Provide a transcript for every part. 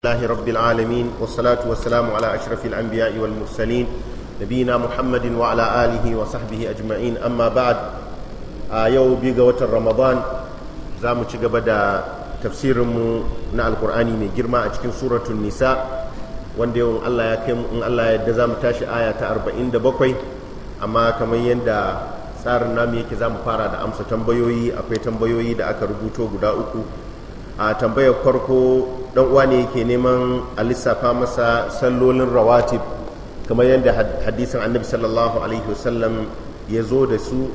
الله رب العالمين والصلاة والسلام على أشرف الأنبياء والمرسلين نبينا محمد وعلى آله وصحبه أجمعين أما بعد يو بيغة رمضان زامو بدا تفسير من القرآن من جرما أجكن سورة النساء وان ديون الله يكم ان الله يدزام تاشي آية أربعين دبقوي أما كما يندى tsarin namu yake za mu fara da amsa tambayoyi akwai tambayoyi da aka rubuto guda uku a tambayar farko dan uwa ne yake neman a lissafa masa sallolin rawatib kamar yadda hadisin annabi sallallahu alaihi wasallam ya zo da su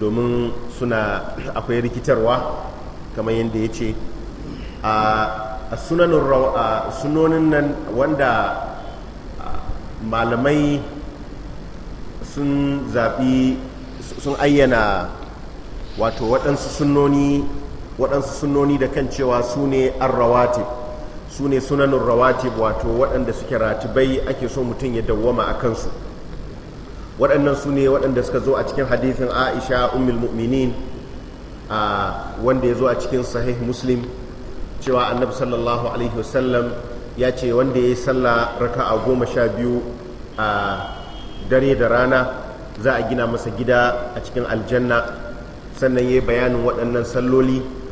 domin suna akwai rikitarwa kamar yadda ya ce a sunanin sunonin nan wanda malamai sun zaɓi sun ayyana wato waɗansu sunoni waɗansu sunoni da kan cewa su ne arrawatib su ne sunanin rawate wato waɗanda suke ratibai ake so mutum ya dawwama a kansu waɗannan su ne waɗanda suka zo a cikin hadithin aisha ummul mu'minin a wanda ya zo a cikin sahih muslim cewa annabi sallallahu alaihi wasallam ya ce wanda ya yi sallah a goma sha biyu a dare da rana za a gina masa gida a cikin aljanna sannan ya yi bayanin waɗannan salloli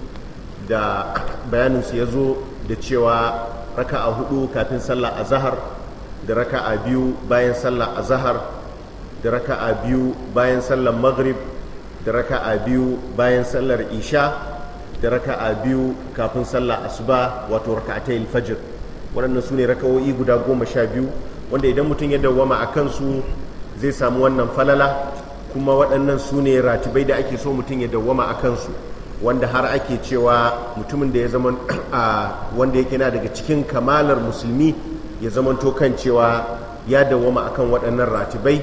da bayaninsu ya zo da cewa raka a hudu kafin sallah a zahar da raka a biyu bayan sallah a zahar da raka a biyu bayan sallar maghrib da raka a biyu bayan sallar isha da raka a biyu kafin sallah asuba wato tayin fajir waɗannan su ne raka'o'i guda goma sha biyu wanda idan mutum ya dawwama a kansu zai samu wannan falala kuma waɗannan su ne ratibai da ake so mutum ya dawwama a kansu wanda har ake cewa mutumin da ya zama a wanda yake na daga cikin kamalar musulmi ya zamanto kan cewa ya dawwama akan waɗannan ratibai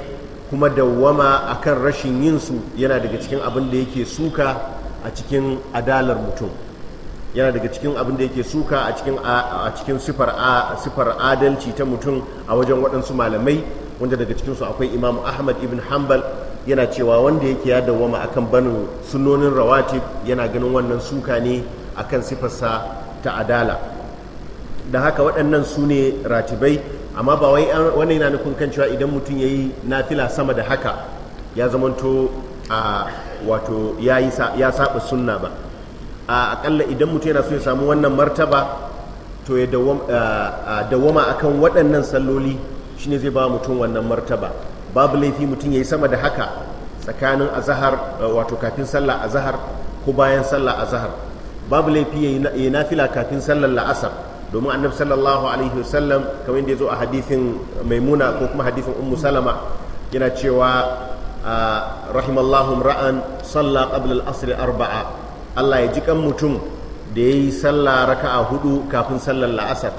kuma dawwama akan rashin yin su yana daga cikin abin da yake suka a cikin adalar mutum yana daga cikin abin da yake suka a cikin a cikin sifar adalci ta mutum a wajen waɗansu malamai wanda daga cikinsu akwai Imam ahmad ibn hanbal yana cewa wanda yake ya dawwama akan banin sunonin rawatib yana ganin wannan suka ne akan sifarsa ta adala da haka waɗannan su ne ratibai amma ba wai wannan yana nufin kan cewa idan mutum ya yi nafila sama da haka ya zamanto a wato ya saba sunna ba a akalla idan mutum yana so ya samu wannan martaba to ya dawwama akan waɗannan salloli shine zai ba mutum wannan martaba babu laifi mutum ya yi sama da haka tsakanin azahar eh, wato kafin sallah azahar ko bayan sallah azahar babu laifi ya yi nafila kafin sallar la'asar domin annabi sallallahu alaihi wasallam kamar yadda ya zo a hadithin maimuna ko kuma hadithin ummu salama yana cewa ah, rahimallahu ra'an sallah qabla al-asr arba'a Allah ya ji kan mutum da yayi sallah raka'a hudu kafin sallar la'asar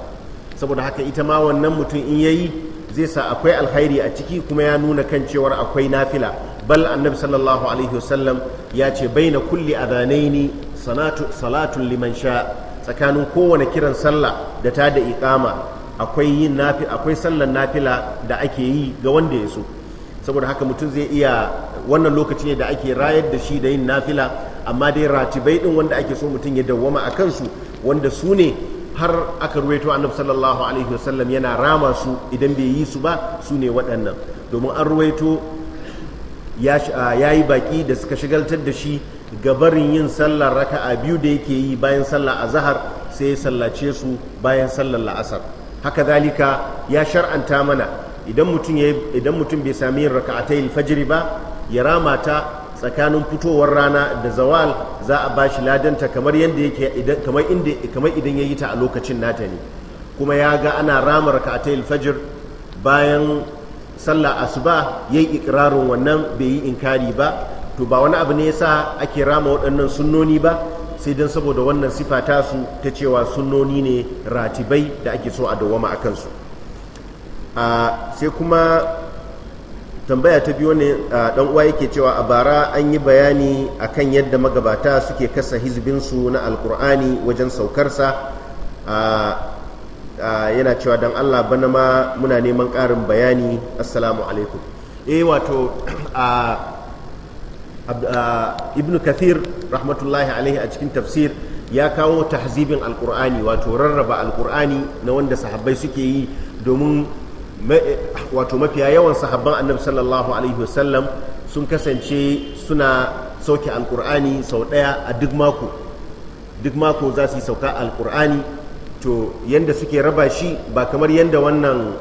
saboda haka ita ma wannan mutum in yayi zai sa akwai alkhairi a ciki kuma ya nuna kan cewar akwai nafila bal annabi sallallahu alaihi wasallam ya ce baina kulli adanaini salatu salatun liman sha tsakanin kowane kiran sallah da ta da iqama akwai yin nafi akwai sallan nafila da ake yi ga wanda ya so saboda haka mutum zai iya wannan lokaci ne da ake rayar da shi da yin nafila amma dai ratibai din wanda ake so mutum ya dawwama a kansu wanda su ne har aka ruwaito annabi sallallahu alaihi wasallam yana rama su idan bai yi su ba su ne waɗannan domin an ruwaito ya yi baƙi da suka shagaltar da shi gabarin yin sallar raka'a biyu da yake yi bayan sallar zahar sai ya sallace su bayan sallar la'asar haka zalika ya shar'anta mana idan mutum bai sami yin raka'atai fajiri ba ya rama ta tsakanin fitowar rana da zawal za a bashi ladanta kamar yadda yake idan kamar inda kamar idan ta a lokacin nata ne kuma ya ga ana ramar rama ta fajr bayan sallah asuba yayi ikrarin wannan bai yi inkari ba to ba wani abu ne ya yasa ake rama waɗannan sunnoni ba sai dan saboda wannan sifa ta su ta cewa sunnoni ne ratibai da ake so a dawwama akan su a ah, sai kuma tambaya ta biyu ne dan uwa yake cewa a bara an yi bayani a kan yadda magabata suke kasa hizbinsu na alkur'ani wajen saukarsa yana cewa dan allah bana ma muna neman ƙarin bayani assalamu alaikum eh wato ibn kathir rahmatullahi alaihi a cikin tafsir ya kawo tahzibin alkur'ani wato rarraba alkur'ani na wanda sahabbai suke yi domin wato mafiya yawan sahabban annabi sallallahu alaihi wasallam sun kasance suna sauke alkur'ani sau ɗaya a duk mako duk mako za su yi sauka alkur'ani to yanda suke raba shi ba kamar yanda wannan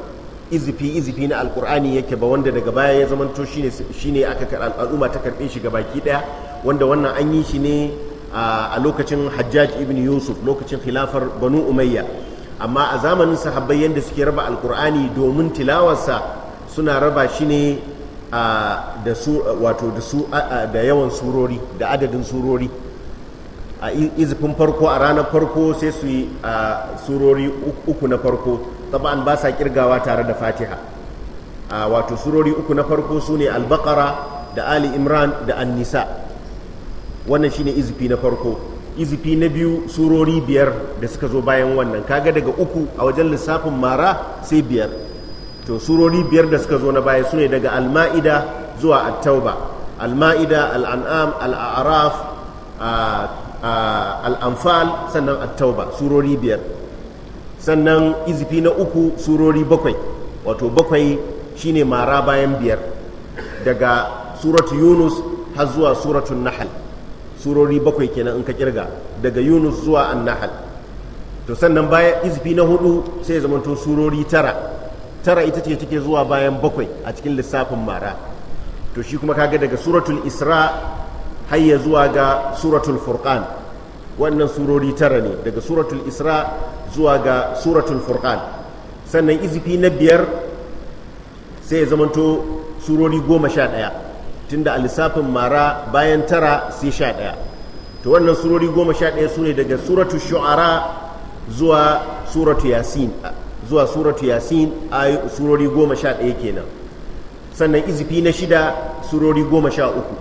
izifi izifi na alkur'ani yake ba wanda daga baya ya zamanto shine aka al'umma ta karɓe shi baki ɗaya wanda wannan an yi shi ne a lokacin hajjaj ibn yusuf lokacin khilafar banu umayya amma a zamanin sahabbai yadda suke raba alkur'ani domin tilawarsa suna raba shi ne da wato da yawan surori da adadin surori a izifin farko a ranar farko sai su yi a surori uku na farko taba'an ba sa kirgawa tare da fatiha wato surori uku na farko su ne albakara da ali imran da An Nisa wannan shine izifi na farko izifi na biyu surori biyar da suka zo bayan wannan kaga daga uku a wajen lissafin mara sai biyar to surori biyar da suka zo na baya su ne daga alma'ida zuwa attauba alma'ida al'an'am al'araf al'amfal sannan attauba surori biyar sannan izifi na uku surori bakwai wato bakwai shine mara bayan biyar daga suratu yunus har zuwa suratun nahal surori bakwai kenan in ka kirga daga yunus zuwa annahal to sannan bayan izfi na hudu sai ya zamanto surori tara tara ita ce take zuwa bayan bakwai a cikin lissafin mara to shi kuma kaga daga suratul isra har zuwa ga suratul furqan wannan surori tara ne daga suratul isra zuwa ga suratul furqan sannan izifi na biyar sai ya zamanto surori goma sha ɗaya tunda a lissafin mara bayan tara sai sha ɗaya to wannan surori goma sha ɗaya su ne daga suratu shu'ara zuwa suratu yasin zuwa suratu yasin a surori goma sha ɗaya kenan sannan izifi na shida surori goma sha uku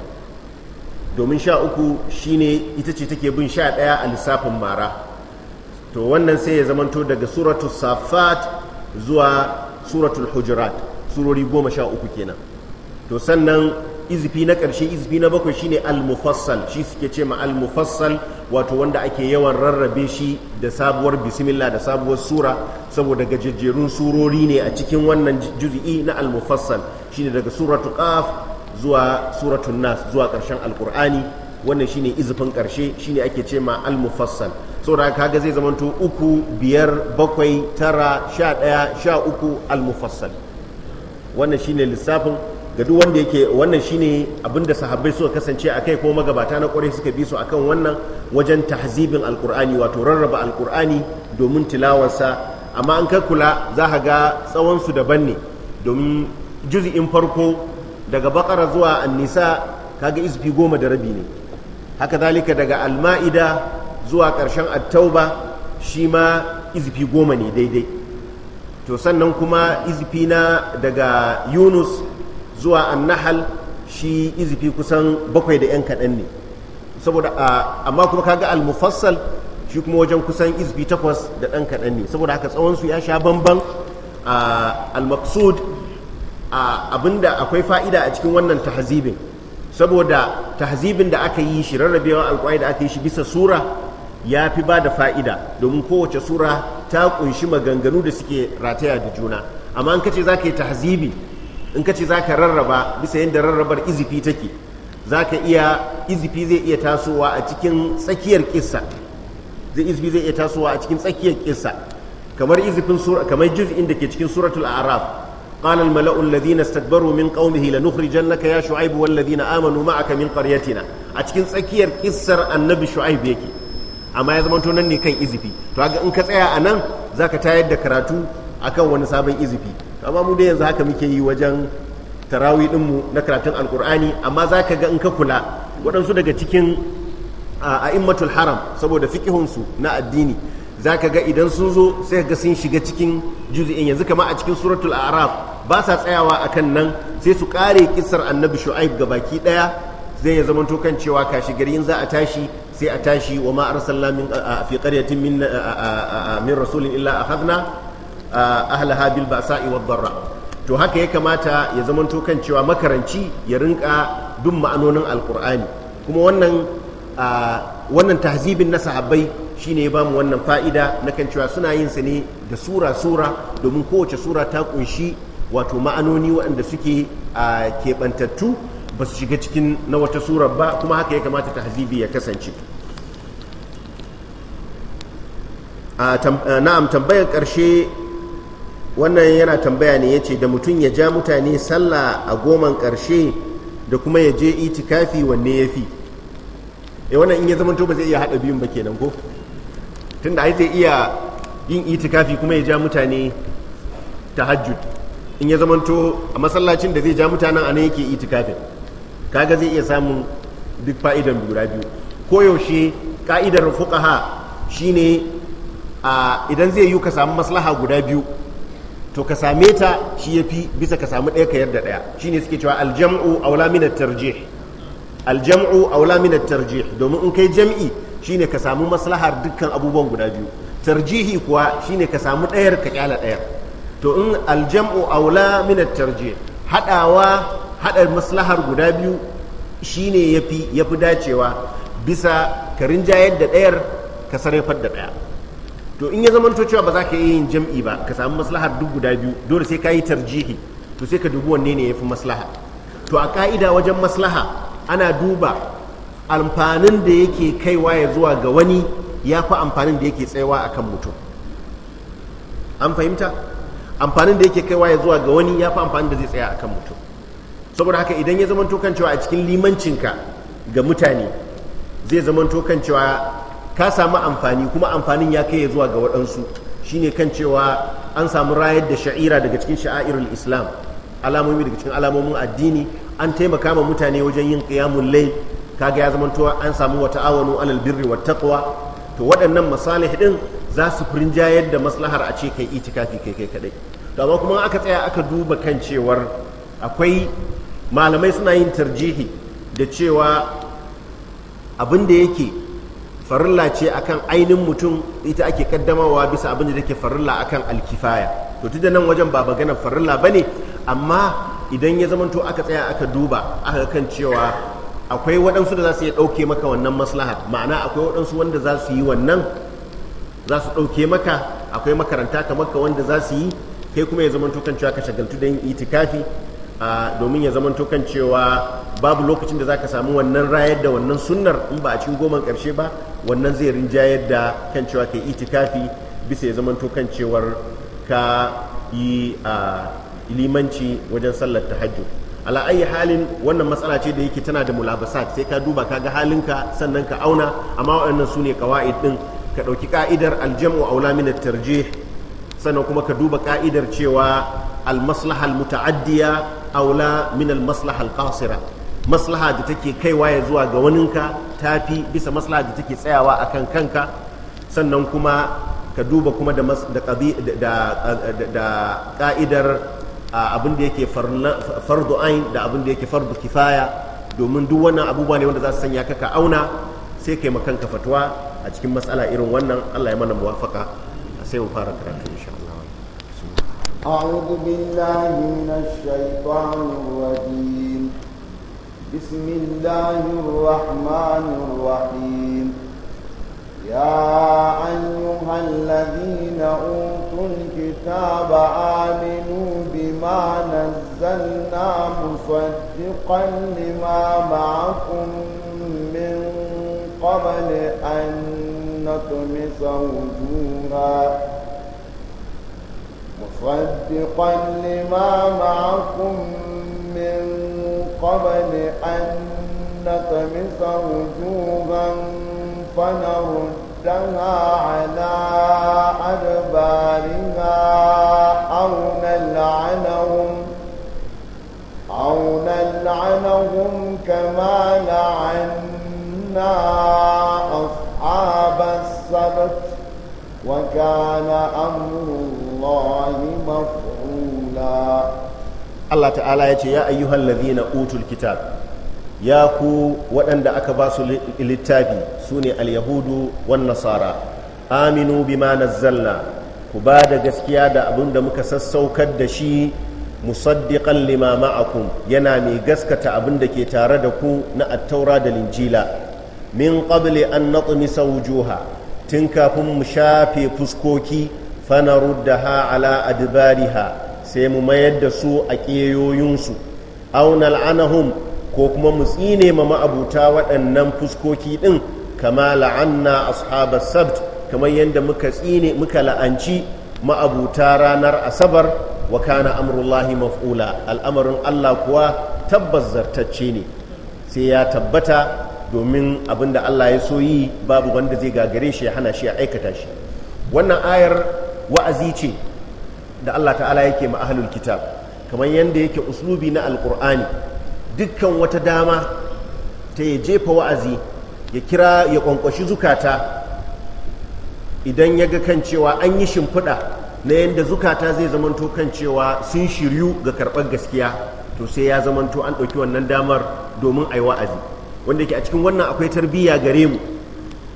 domin sha uku shine ita ce take bin sha ɗaya a lissafin mara to wannan sai ya zamanto daga suratu safat zuwa suratul hujurat surori goma sha uku kenan to sannan izifi na ƙarshe izifi na bakwai shine al-mufassal shi suke ce ma al-mufassal wato wanda ake yawan rarrabe shi da sabuwar bismillah da sabuwar sura saboda gajejjerun surori ne a cikin wannan juz'i na al-mufassal shine daga suratu qaf zuwa suratun nas zuwa ƙarshen alkur'ani wannan shine izifin ƙarshe shine ake ce ma al-mufassal saboda kaga zai zamanto uku biyar bakwai tara sha ɗaya sha uku al-mufassal wannan shine lissafin ga duk wanda yake wannan shine abinda sahabbai suka kasance a kai ko magabata na kwarai suka bi su akan wannan wajen tahzibin alkur'ani wato rarraba alkur'ani domin tilawarsa amma an kai kula za ka ga tsawon su daban ne domin juzi'in farko daga bakara zuwa annisa kaga isfi goma da rabi ne haka zalika daga alma'ida zuwa karshen attauba shi ma izfi goma ne daidai to sannan kuma izfi na daga yunus zuwa annahal shi izifi kusan bakwai da yan kaɗan ne saboda amma kuma kaga al-mufassal shi kuma wajen kusan izifi takwas da ɗan kaɗan ne saboda haka tsawonsu ya sha bamban al-maqsud abinda akwai fa'ida a cikin wannan tahzibin saboda tahzibin da aka yi shi rarrabewa alƙwai da aka yi shi bisa sura ya fi ba da fa'ida domin kowace sura ta ƙunshi maganganu da suke rataya da juna amma an kace zaka yi tahzibi in ka ce za ka rarraba bisa yadda rarrabar izifi take izifi zai iya tasowa a cikin tsakiyar kissa kamar izifin da ke cikin suratul araf qala al mala'u alladhina istakbaru min qaumihi la nukhrijannaka ya shu'aib wal ladina amanu ma'aka min qaryatina a cikin tsakiyar kissar annabi shu'aib yake amma ya zamanto nan ne kan izifi to ga in ka tsaya anan za ka tayar da karatu akan wani sabon izifi amma mu dai yanzu haka muke yi wajen tarawi dinmu na karatun alkur'ani amma za ka ga in ka kula waɗansu daga cikin a a'immatul haram saboda fikihunsu na addini za ka ga idan sun zo sai ga sun shiga cikin juzi'in yanzu kama a cikin suratul araf ba sa tsayawa a kan nan sai su kare kisar annabi shu'aib ga baki ɗaya zai ya zamanto kan cewa kashi gari za a tashi sai a tashi wa ma arsalna min fi qaryatin min min rasulin illa akhadna ahlaha bil ba'sa'i wad darra to haka ya kamata ya zamanto kan cewa makaranci ya rinka dun ma'anonin alkur'ani kuma wannan wannan tahzibin na sahabbai shine ya bamu wannan fa'ida na kan cewa suna yin sa ne da sura sura domin kowace sura ta kunshi wato ma'anoni waɗanda suke a keɓantattu ba su shiga cikin na wata sura ba kuma haka ya kamata tahzibi ya kasance na'am tambayar ƙarshe wannan yana tambaya ne ya ce da mutum ya ja mutane sallah a goman karshe da kuma ya je itikafi wanne ya fi e eh, wannan in ya zama ba zai iya haɗa biyun ba kenan ko tun da zai iya yin itikafi kuma ya ja mutane ta hajjud in ya zama to a masallacin da zai ja mutanen a nan yake itikafin kaga zai iya samun duk fa'idan guda biyu koyaushe ka'idar ha shine idan zai yi ka samu maslaha guda biyu to ka same ta shi ya fi bisa ka samu ɗaya ka yarda ɗaya shi ne suke cewa aljam'u aula min tarjih aljam'u aula min tarjih domin in kai jam'i shi ka samu maslahar dukkan abubuwan guda biyu tarjihi kuwa shine ka samu ɗayar ka kyala ɗaya to in aljam'u aula min tarjih haɗawa haɗa maslahar guda biyu shine ne ya fi dacewa bisa ka rinjayar da ɗayar ka sarrafar da ɗaya to in ya zamanto cewa ba za ka yi yin jam'i ba ka samu maslahar duk guda biyu dole sai ka yi tarjihi to sai ka dubi wanne ne ya fi maslaha to a ka'ida wajen maslaha ana duba amfanin da yake kaiwa ya zuwa ga wani ya fi amfanin da yake tsayawa a kan mutum an fahimta amfanin da yake kaiwa ya zuwa ga wani ya fi amfanin da zai tsaya a kan mutum saboda haka idan ya zamanto kan cewa a cikin limancinka ga mutane zai zamanto kan cewa ka samu amfani kuma amfanin ya kai zuwa ga waɗansu shine kan cewa an samu rayar da sha'ira daga cikin sha'airul islam alamomi daga cikin alamomin addini an taimaka ma mutane wajen yin qiyamul lai kaga ya zamantowa an samu wata awanu alal birri wa taqwa to waɗannan masalih din za su furinjayar da maslahar a ce kai itikafi kai kai kadai to amma kuma aka tsaya aka duba kan cewar akwai malamai suna yin tarjihi da cewa abin da yake farilla ce akan ainihin mutum ita ake kaddamawa bisa abin da take farilla akan alkifaya to tunda nan wajen ba maganar farilla ne amma idan ya zamanto aka tsaya aka duba aka kan cewa akwai waɗansu da za su iya ɗauke maka wannan maslaha ma'ana akwai waɗansu wanda za su yi wannan za su ɗauke maka akwai makaranta kamar ka wanda za su yi kai kuma ya zamanto kan cewa ka shagaltu da yin itikafi domin ya zamanto kan cewa babu lokacin da zaka samu wannan rayar da wannan sunnar in ba a cikin goman karshe ba wannan zai rinjayar da kan cewa ka yi itikafi bisa ya zamanto kan cewar ka yi a limanci wajen sallar ta ala ala'ayi halin wannan matsala ce da yake tana da mulabasat sai ka duba ka ga halinka sannan ka auna amma waɗannan su ne kawa'id ɗin ka ɗauki ka'idar aljam'u aula min tarjih sannan kuma ka duba ka'idar cewa almaslaha muta'addiya aula min al-maslaha al-qasira maslaha da take kaiwa ya zuwa ga waninka tafi bisa maslaha da take tsayawa akan kanka sannan kuma ka duba kuma da ka'idar abin da yake fardu ain da abin da yake fardu kifaya domin duk wannan abubuwa ne wanda za su sanya ka ka auna sai kai makanka fatuwa a cikin matsala irin wannan Allah ya mana muwafaka sai mu fara karatu insha أعوذ بالله من الشيطان الرجيم بسم الله الرحمن الرحيم يا أيها الذين أوتوا الكتاب آمنوا بما نزلنا مصدقا لما معكم من قبل أن نطمس وجوها مصدقا لما معكم من قبل أن نطمس وجوبا فنردها على أدبارها أو نلعنهم أو نلعنهم كما لعنا أصحاب السبت وكان أمر الله مفعولا الله تعالى يتي يا أيها الذين أوتوا الكتاب يا كو وأن أكباس للتابي سوني اليهود والنصارى آمنوا بما نزلنا كبادة جسكيا دا أبن دا مكسسو كدشي مصدقا لما معكم ينامي جسكة أبن دا كي تاردكو نا التوراة الإنجيلا من قبل أن نطمس وجوها تنكا هم شافي فسكوكي fanaruddaha ala adbariha sai mu mayar da su a ƙeyoyinsu aunal anahum ko kuma mu tsine ma ma'abuta waɗannan fuskoki ɗin kama la'anna ashabar sabt kamar yadda muka tsine muka la'anci ma'abuta ranar asabar wa kana amrullahi maf'ula al'amarin Allah kuwa tabbas zartacce ne sai ya tabbata domin abinda Allah ya so yi babu wanda zai gagare shi ya hana shi ya aikata shi wannan ayar wa'azi ce da Allah ta'ala yake ma kitab kamar yadda yake uslubi na Alƙur'ani dukkan wata dama ta ya jefa wa'azi ya kira ya ƙwanƙwashi zukata idan ya ga kan cewa an yi shimfiɗa na yadda zukata zai zamanto kan cewa sun shiryu ga karɓar gaskiya to sai ya zamanto an ɗauki wannan damar domin a yi wa'azi wanda yake a cikin wannan akwai tarbiyya gare mu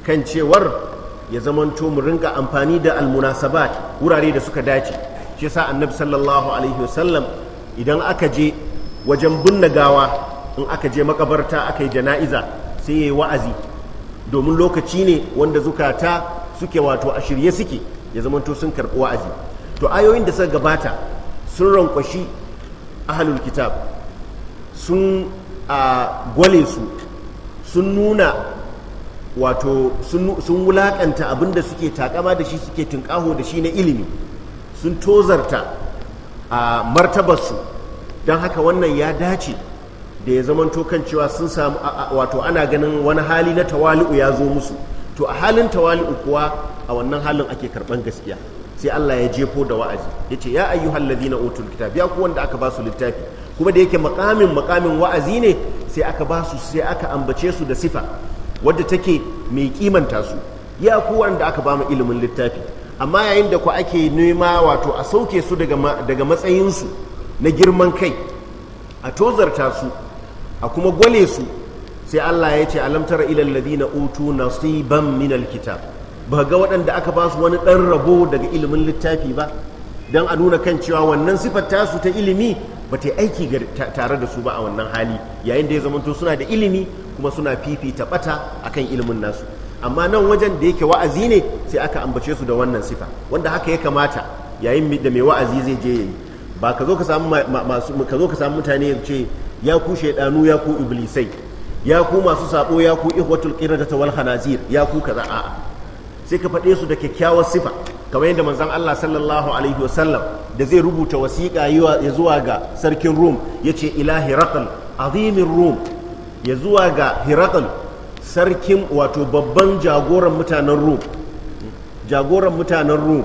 kan cewar ya zamanto mu ringa amfani da almunasabat wurare da suka dace shi yasa annabi sallallahu alaihi wasallam idan aka je wajen binne gawa in aka je makabarta aka yi jana'iza sai yayi wa'azi domin lokaci ne wanda zukata suke wato a shirye suke ya zamanto sun karɓi wa'azi to ayoyin da suka gabata sun rankwashi ahalul kitab sun gwale su sun nuna wato sun wulaƙanta abin da suke takama da shi suke tunƙaho da shi na ilimi sun tozarta a martabarsu don haka wannan ya dace da ya zama kan cewa sun samu wato ana ganin wani hali na tawali'u ya zo musu to a halin tawali'u kuwa a wannan halin ake karban gaskiya sai Allah ya jefo da wa'azi ya ce ya hallazi na utul kitab ya ku wanda aka ba su littafi kuma da yake makamin makamin wa'azi ne sai aka ba su sai aka ambace su da sifa wadda take mai kimanta su ya ku da aka bamu ilimin littafi amma yayin da ku ake nema wato a sauke su daga matsayinsu na girman kai a tozarta su a kuma gwale su sai Allah ya ce alamtar ilal ladina utu nasiban minal kitab ba ga waɗanda aka ba su wani ɗan rabo daga ilimin littafi ba don a nuna kan cewa wannan siffar tasu ta ilimi ba ta aiki tare da su ba a wannan hali yayin da ya zamanto suna da ilimi kuma suna fifita bata akan ilimin nasu amma nan wajen da yake wa'azi ne sai aka ambace su da wannan sifa wanda haka ya kamata yayin da mai wa'azi zai je yayi ba ka zo ka samu mutane ya ce ya ku shaidanu ya ku iblisai ya ku masu sabo ya ku ihwatul qirada wal khanazir ya ku kaza a'a sai ka faɗe su da kyakkyawar sifa kamar yadda manzon Allah sallallahu alaihi wasallam da zai rubuta wasiƙa ya zuwa ga sarkin Rum ya ce ila Hiraqal azimin Rum ya zuwa ga hiraƙal sarkin wato babban jagoran mutanen Rum jagoran mutanen Rum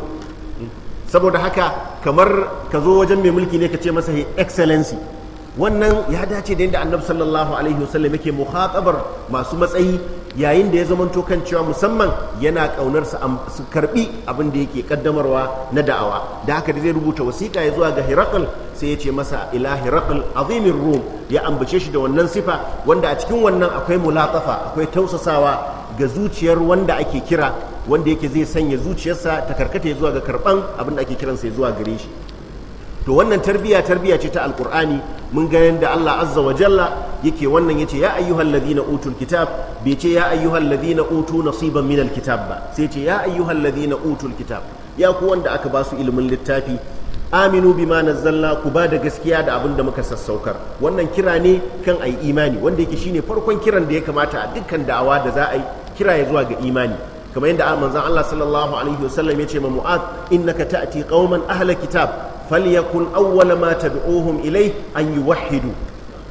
saboda haka kamar ka zo wajen mai mulki ne ka ce masa excellency wannan ya dace da yadda annabi sallallahu alaihi wasallam yake muhatabar masu matsayi yayin da ya zamanto kan cewa musamman yana kaunar su karbi abin da yake kaddamarwa na da'awa da haka da zai rubuta wasiƙa ya zuwa ga Herakl sai ya ce masa ila Herakl azimin Rum ya ambace shi da wannan sifa wanda a cikin wannan akwai mulatafa akwai tausasawa ga zuciyar wanda ake kira wanda yake zai sanya zuciyarsa ta karkata ya zuwa ga karban abin da ake kiransa ya zuwa gare shi to wannan tarbiya tarbiya ce ta alkur'ani mun ga yadda Allah azza wa jalla yake wannan yace ya ayyuhal ladina utul kitab bai ce ya ayyuhal ladina utu nasiban min alkitab ba sai ce ya ayyuhal ladina utul kitab ya ku wanda aka ba su ilimin littafi aminu bima nazzalna ku ba da gaskiya da abin da muka sassaukar wannan kira ne kan ayi imani wanda yake shine farkon kiran da ya kamata a dukkan da'awa da za a yi kira ya zuwa ga imani kamar yadda manzon Allah sallallahu alaihi wasallam ya ce ma Mu'ad innaka ta'ti qauman ahla kitab falyakun awwala ma tad'uhum ilai an yuwahhidu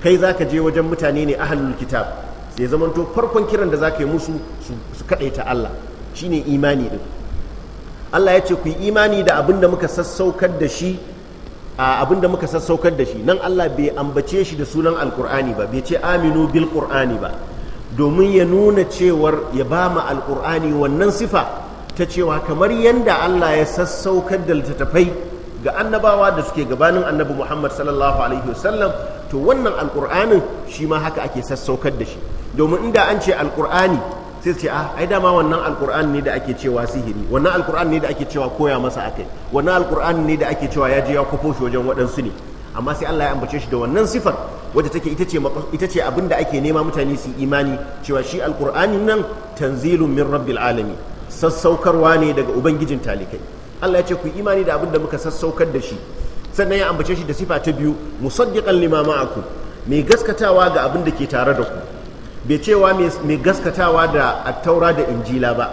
kai zaka je wajen mutane ne ahlul kitab sai zamanto farkon kiran da zaka yi musu su kadaita Allah shine imani din Allah ya ce ku yi imani da abin da muka sassaukar da shi a abin muka sassaukar da shi nan Allah bai ambace shi da sunan alkur'ani ba bai ce aminu bil qur'ani ba domin ya nuna cewar ya ba mu alkur'ani wannan sifa ta cewa kamar yadda Allah ya sassaukar da littattafai ga annabawa da suke gabanin annabi muhammad sallallahu alaihi wasallam to wannan al'qur'anin shi ma haka ake sassaukar da shi domin inda an ce al'qur'ani sai ce ah ai dama wannan alkurani ne da ake cewa sihiri wannan alƙur'ani ne da ake cewa koya masa akai wannan alkurani ne da ake cewa ya je ya kwafo shi wajen waɗansu ne amma sai Allah ya ambace shi da wannan sifar wadda take ita ce ita ce abin da ake nema mutane su imani cewa shi al'qur'ani nan tanzilun min rabbil alamin sassaukarwa ne daga ubangijin talikai Allah ya ce ku imani da abin da muka sassaukar da shi sannan ya ambace shi da sifa ta biyu musaddiqan lima ma'akum mai gaskatawa ga abin da ke tare da ku bai cewa mai gaskatawa da attaura da injila ba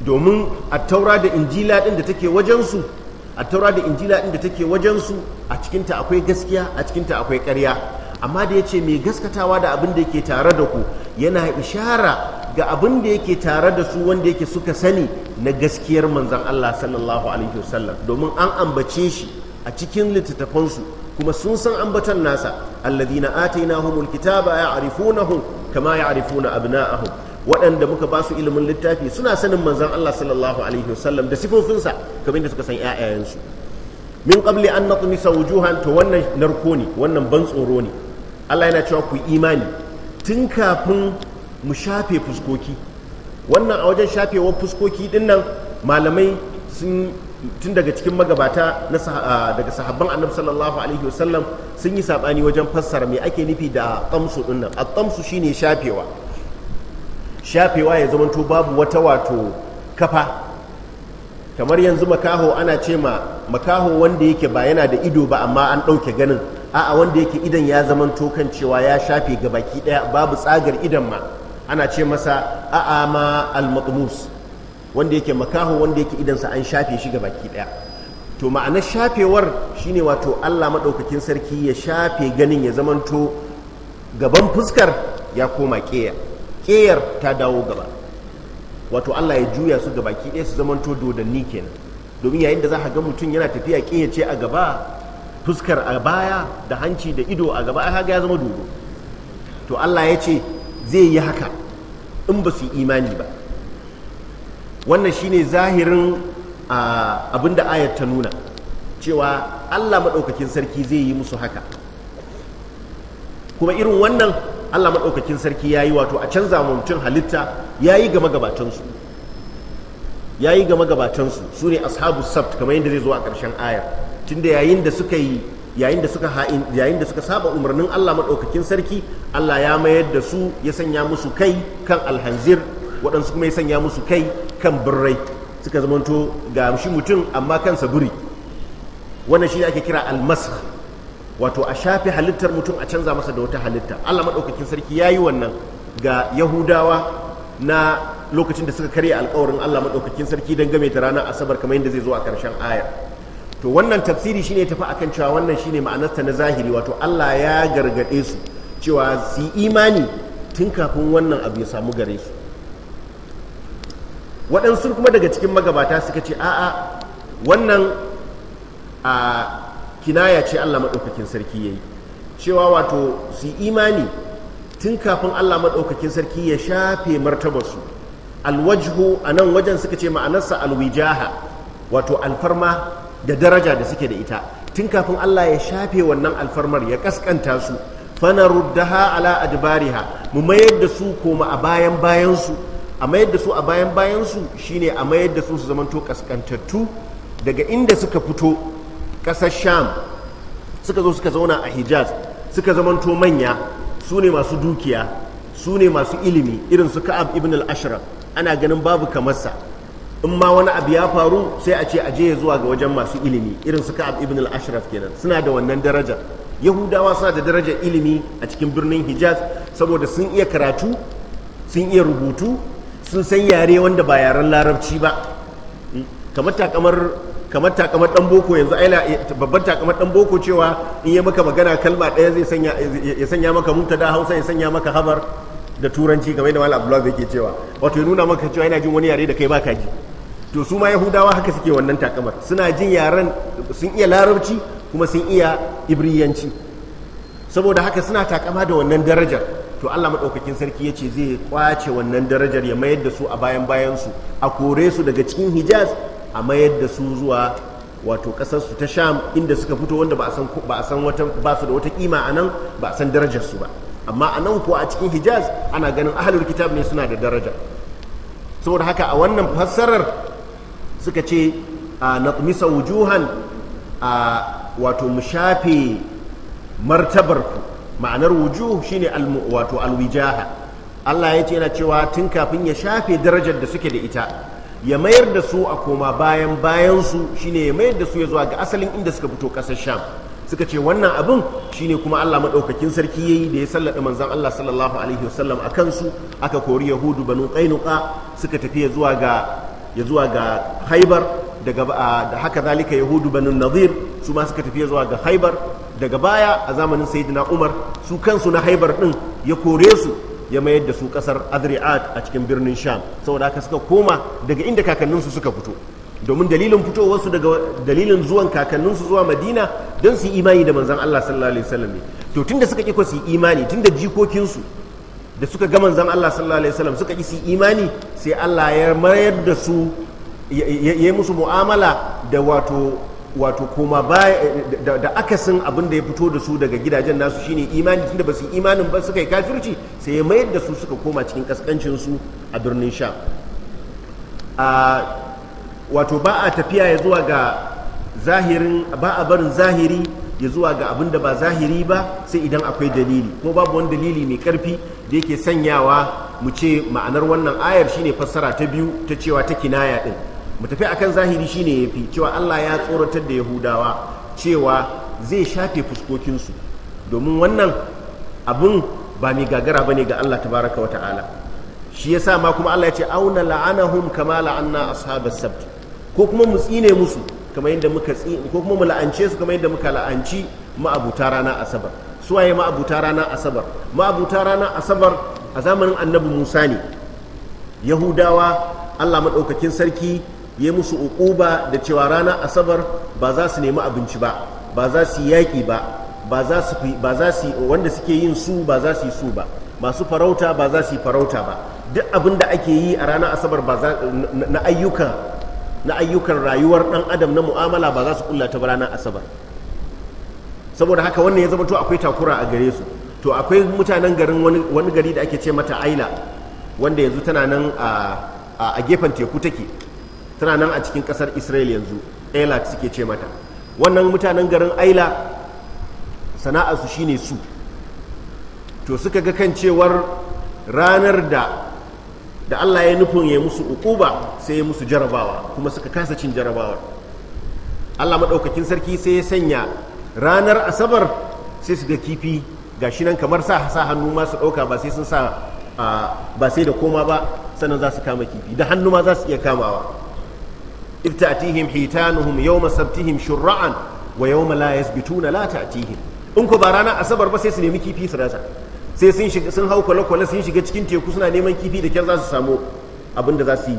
domin attaura da injila din da take wajen wajensu attaura da injila din da take wajen su. a cikinta akwai gaskiya a cikinta akwai ƙarya amma da ya ce mai gaskatawa da abin da ke tare da ku yana ishara ga abin da yake tare da su wanda yake suka sani na gaskiyar manzan Allah sallallahu alaihi wasallam domin an ambace shi a cikin littattafansu kuma sun san ambatan nasa alladhina atainahumul kitaba hun kama ya'rifuna abna'ahum waɗanda muka ba su ilimin littafi suna sanin manzan Allah sallallahu alaihi wasallam da sifofinsa kamar da suka san ƴaƴayensu min qabli an natmisa wujuhan to wannan narko ne wannan ban tsoro ne Allah yana cewa ku imani tun kafin mu shafe fuskoki wannan a wajen shafewar fuskoki din nan malamai sun tun daga cikin magabata na daga sahabban annabi sallallahu alaihi wasallam sun yi sabani wajen fassara me ake nufi da tsamsu din nan tsamsu shine shafewa shafewa ya zamanto babu wata wato kafa kamar yanzu makaho ana ce ma makaho wanda yake ba yana da ido ba amma an ɗauke ganin a'a wanda yake idan ya zamanto kan cewa ya shafe ga baki ɗaya babu tsagar idan ma ana ce masa a'ama al-matmus wanda yake makaho wanda yake idansa an shafe shi baki daya to ma'anar shafewar shine wato Allah madaukakin sarki ya shafe ganin ya zamanto gaban fuskar ya koma keya keyar ta dawo gaba wato Allah ya juya su ga baki daya su zamanto dodanni kenan domin yayin da za ka ga mutum yana tafiya keya ce a gaba fuskar a baya da hanci da ido a gaba ai ya zama dodo to Allah ya ce zai yi haka in ba su imani ba wannan shine zahirin abin da ayar ta nuna cewa allah maɗaukakin sarki zai yi musu haka kuma irin wannan allah maɗaukakin sarki ya yi wato a canza mutum halitta ya yi gama gabatansu ya yi gama gabatansu su ne ashabu sabt kamar yadda zai zo a ƙarshen ayar tunda yayin da suka yi yayin da suka saba umarnin Allah maɗaukakin sarki Allah ya mayar da su ya sanya musu kai kan alhanzir waɗansu kuma ya sanya musu kai kan birrai suka zamanto ga shi mutum amma kansa saburi wannan shi ake kira almasakh wato a shafe halittar mutum a canza masa da wata halitta Allah maɗaukakin sarki ya yi wannan ga yahudawa na lokacin da suka karya alkawarin Allah madaukakin sarki don game da ranar asabar kamar yadda zai zo a ƙarshen ayar to wannan tafsiri shine tafi akan cewa wannan shine ma'anarta na zahiri wato Allah ya gargade su cewa su imani tun kafin wannan abu ya samu gare su waɗansu kuma daga cikin magabata suka ce a'a wannan a kinaya ce Allah maɗaukakin sarki ya yi cewa wato su imani tun kafin Allah maɗaukakin sarki ya shafe martabarsu alwajhu a nan wajen suka ce ma'anarsa alwijaha wato alfarma da daraja da suke da ita tun kafin Allah ya shafe wannan alfarmar ya kaskanta su fanaruddaha ala adbariha mu mayar da su koma a bayan bayan su a mayar da su a bayan bayan su shine a mayar da su su zamanto kaskantattu daga inda suka fito kasar sham suka zo suka zauna a hijaz suka zamanto manya su ne masu dukiya su ne masu ilimi irin su ka'ab ibn al-ashraf ana ganin babu kamarsa in ma wani abu ya faru sai a ce a je zuwa ga wajen masu ilimi irin su ka'ab ibn al-ashraf kenan suna da wannan daraja yahudawa suna da darajar ilimi a cikin birnin hijaz saboda sun iya karatu sun iya rubutu sun san yare wanda ba yaren larabci ba hmm. kamar takamar kamar takamar dan boko yanzu aila babban takamar dan boko cewa in ya maka magana kalma daya zai sanya ya sanya maka mutada hausa ya sanya maka habar da turanci game da malam abdullahi yake cewa wato ya nuna maka cewa yana jin wani yare da kai baka ji to su ma yahudawa haka suke wannan takamar suna jin yaren sun iya larabci kuma sun iya ibriyanci saboda haka suna takama da wannan darajar to Allah maɗaukakin sarki ya ce zai kwace wannan darajar ya mayar da su a bayan bayan su a kore su daga cikin hijaz a mayar da su zuwa wato kasarsu su ta sham inda suka fito wanda ba a san wata ba su da wata kima a nan ba a san darajar su ba amma a nan kuwa a cikin hijaz ana ganin ahalul kitab ne suna da daraja saboda haka a wannan fassarar suka ce na misa wujuhan wato mu shafe martabarku ma'anar wujuh shine wato alwijaha Allah ya ce yana cewa tun kafin ya shafe darajar da suke da ita ya mayar da su a koma bayan bayansu shine ya mayar da su ya zuwa ga asalin inda suka fito ƙasar sham suka ce wannan abin ne kuma Allah maɗaukakin sarki ya yi da ya sallaɗa manzan Allah sallallahu alaihi wasallam a kansu aka kori yahudu banu ƙainuka suka tafi zuwa ga ya zuwa ga haibar daga da haka zalika yahudu banu nazir su ma suka tafi ya zuwa ga haibar daga baya a zamanin sayyidina umar su kansu na haibar ɗin ya kore su ya mayar da su ƙasar adri'at a cikin birnin sham saboda haka suka koma daga inda kakanninsu suka fito domin dalilin fitowarsu daga dalilin zuwan kakanninsu zuwa madina don su imani da manzan Allah sallallahu alaihi wasallam to tun da suka ƙi su imani tun da jikokinsu da suka ga manzan Allah sallallahu alaihi wasallam suka ƙi su imani sai Allah ya mayar da su ya yi musu mu'amala da wato wato koma baya da akasin abin da ya fito da su daga gidajen nasu shine imani tunda ba su imanin ba suka yi kafirci sai ya mayar da su suka koma cikin kaskancinsu a birnin sha ah, wato ba a tafiya ya zuwa ga zahirin ba a barin zahiri ya zuwa ga abin da ba zahiri ba sai idan akwai dalili ko babu wani dalili mai karfi da yake sanyawa mu ce ma'anar wannan ayar shine fassara ta biyu ta cewa ta kinaya din mu tafi akan zahiri shine yafi cewa Allah ya tsoratar da Yahudawa cewa zai shafe fuskokinsu domin wannan abun ba mai gagara ba ne ga Allah tabaraka wa ta'ala shi yasa ma kuma Allah ya ce auna la'anahum kama la'anna ashabas sabt ko kuma mu tsine musu kamar yadda muka ko kuma mu la'ance su kamar yadda muka la'anci ma'abuta rana asabar suwaye ma'abuta rana asabar ma'abuta rana asabar a zamanin annabi musa ne yahudawa allah maɗaukakin sarki ya musu uquba da cewa rana asabar ba za su nemi abinci ba ba za su yaƙi ba ba za su ba za su wanda suke yin su ba za su yi su ba masu farauta ba za su yi farauta ba duk abin da ake yi a ranar asabar na ayyukan na ayyukan rayuwar ɗan adam na mu'amala ba za su kulla ta ranar asabar saboda haka wannan ya zama to akwai takura a gare su to akwai mutanen garin wani gari da ake ce mata aila wanda yanzu tana nan a gefen teku take tana nan a cikin kasar israel yanzu aila suke ce mata wannan mutanen garin aila sana'arsu shine su to suka ga kan cewar ranar da da Allah ya nufin ya musu ukuba sai ya musu jarabawa kuma suka kasa cin jarabawa Allah maɗaukakin sarki sai ya sanya ranar asabar sai su ga kifi ga shi nan kamar sa sa hannu ma su ɗauka ba sai sun sa ba sai da koma ba sannan za su kama kifi da hannu ma za su iya kamawa if ta'tihim hitanuhum yawma sabtihim shur'an wa yawma la yasbituna la ta'tihim in ko ba ranar asabar ba sai su nemi kifi su rasa sai sun shiga sun hau kwale-kwale sun shiga cikin teku suna neman kifi da kyar za su samu abin da za su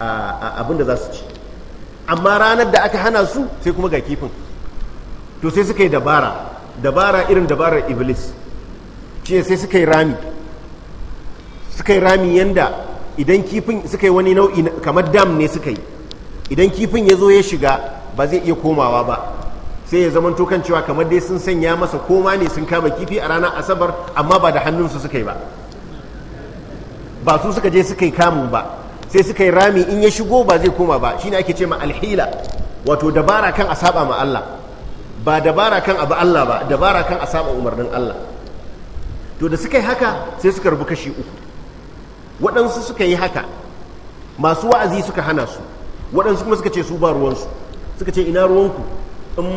abin da za su ci amma ranar da aka hana su sai kuma ga kifin to sai suka yi dabara dabara irin dabarar iblis ce sai suka yi rami suka yi rami yanda idan kifin suka yi wani nau'i kamar dam ne suka yi idan kifin ya zo ya shiga ba zai iya komawa ba sai ya zamanto tokan cewa kamar dai sun sanya masa koma ne sun kama kifi a ranar asabar amma ba da hannunsu suka yi ba ba su suka je suka yi kamun ba sai suka yi rami in ya shigo ba zai koma ba shine ake ce ma alhila wato dabara kan a saba ma Allah ba dabara kan abu Allah ba dabara kan a saba umarnin Allah to da suka yi haka sai suka rubu kashi uku waɗansu suka yi haka masu wa'azi suka hana su waɗansu kuma suka ce su ba ruwansu suka ce ina ruwanku sun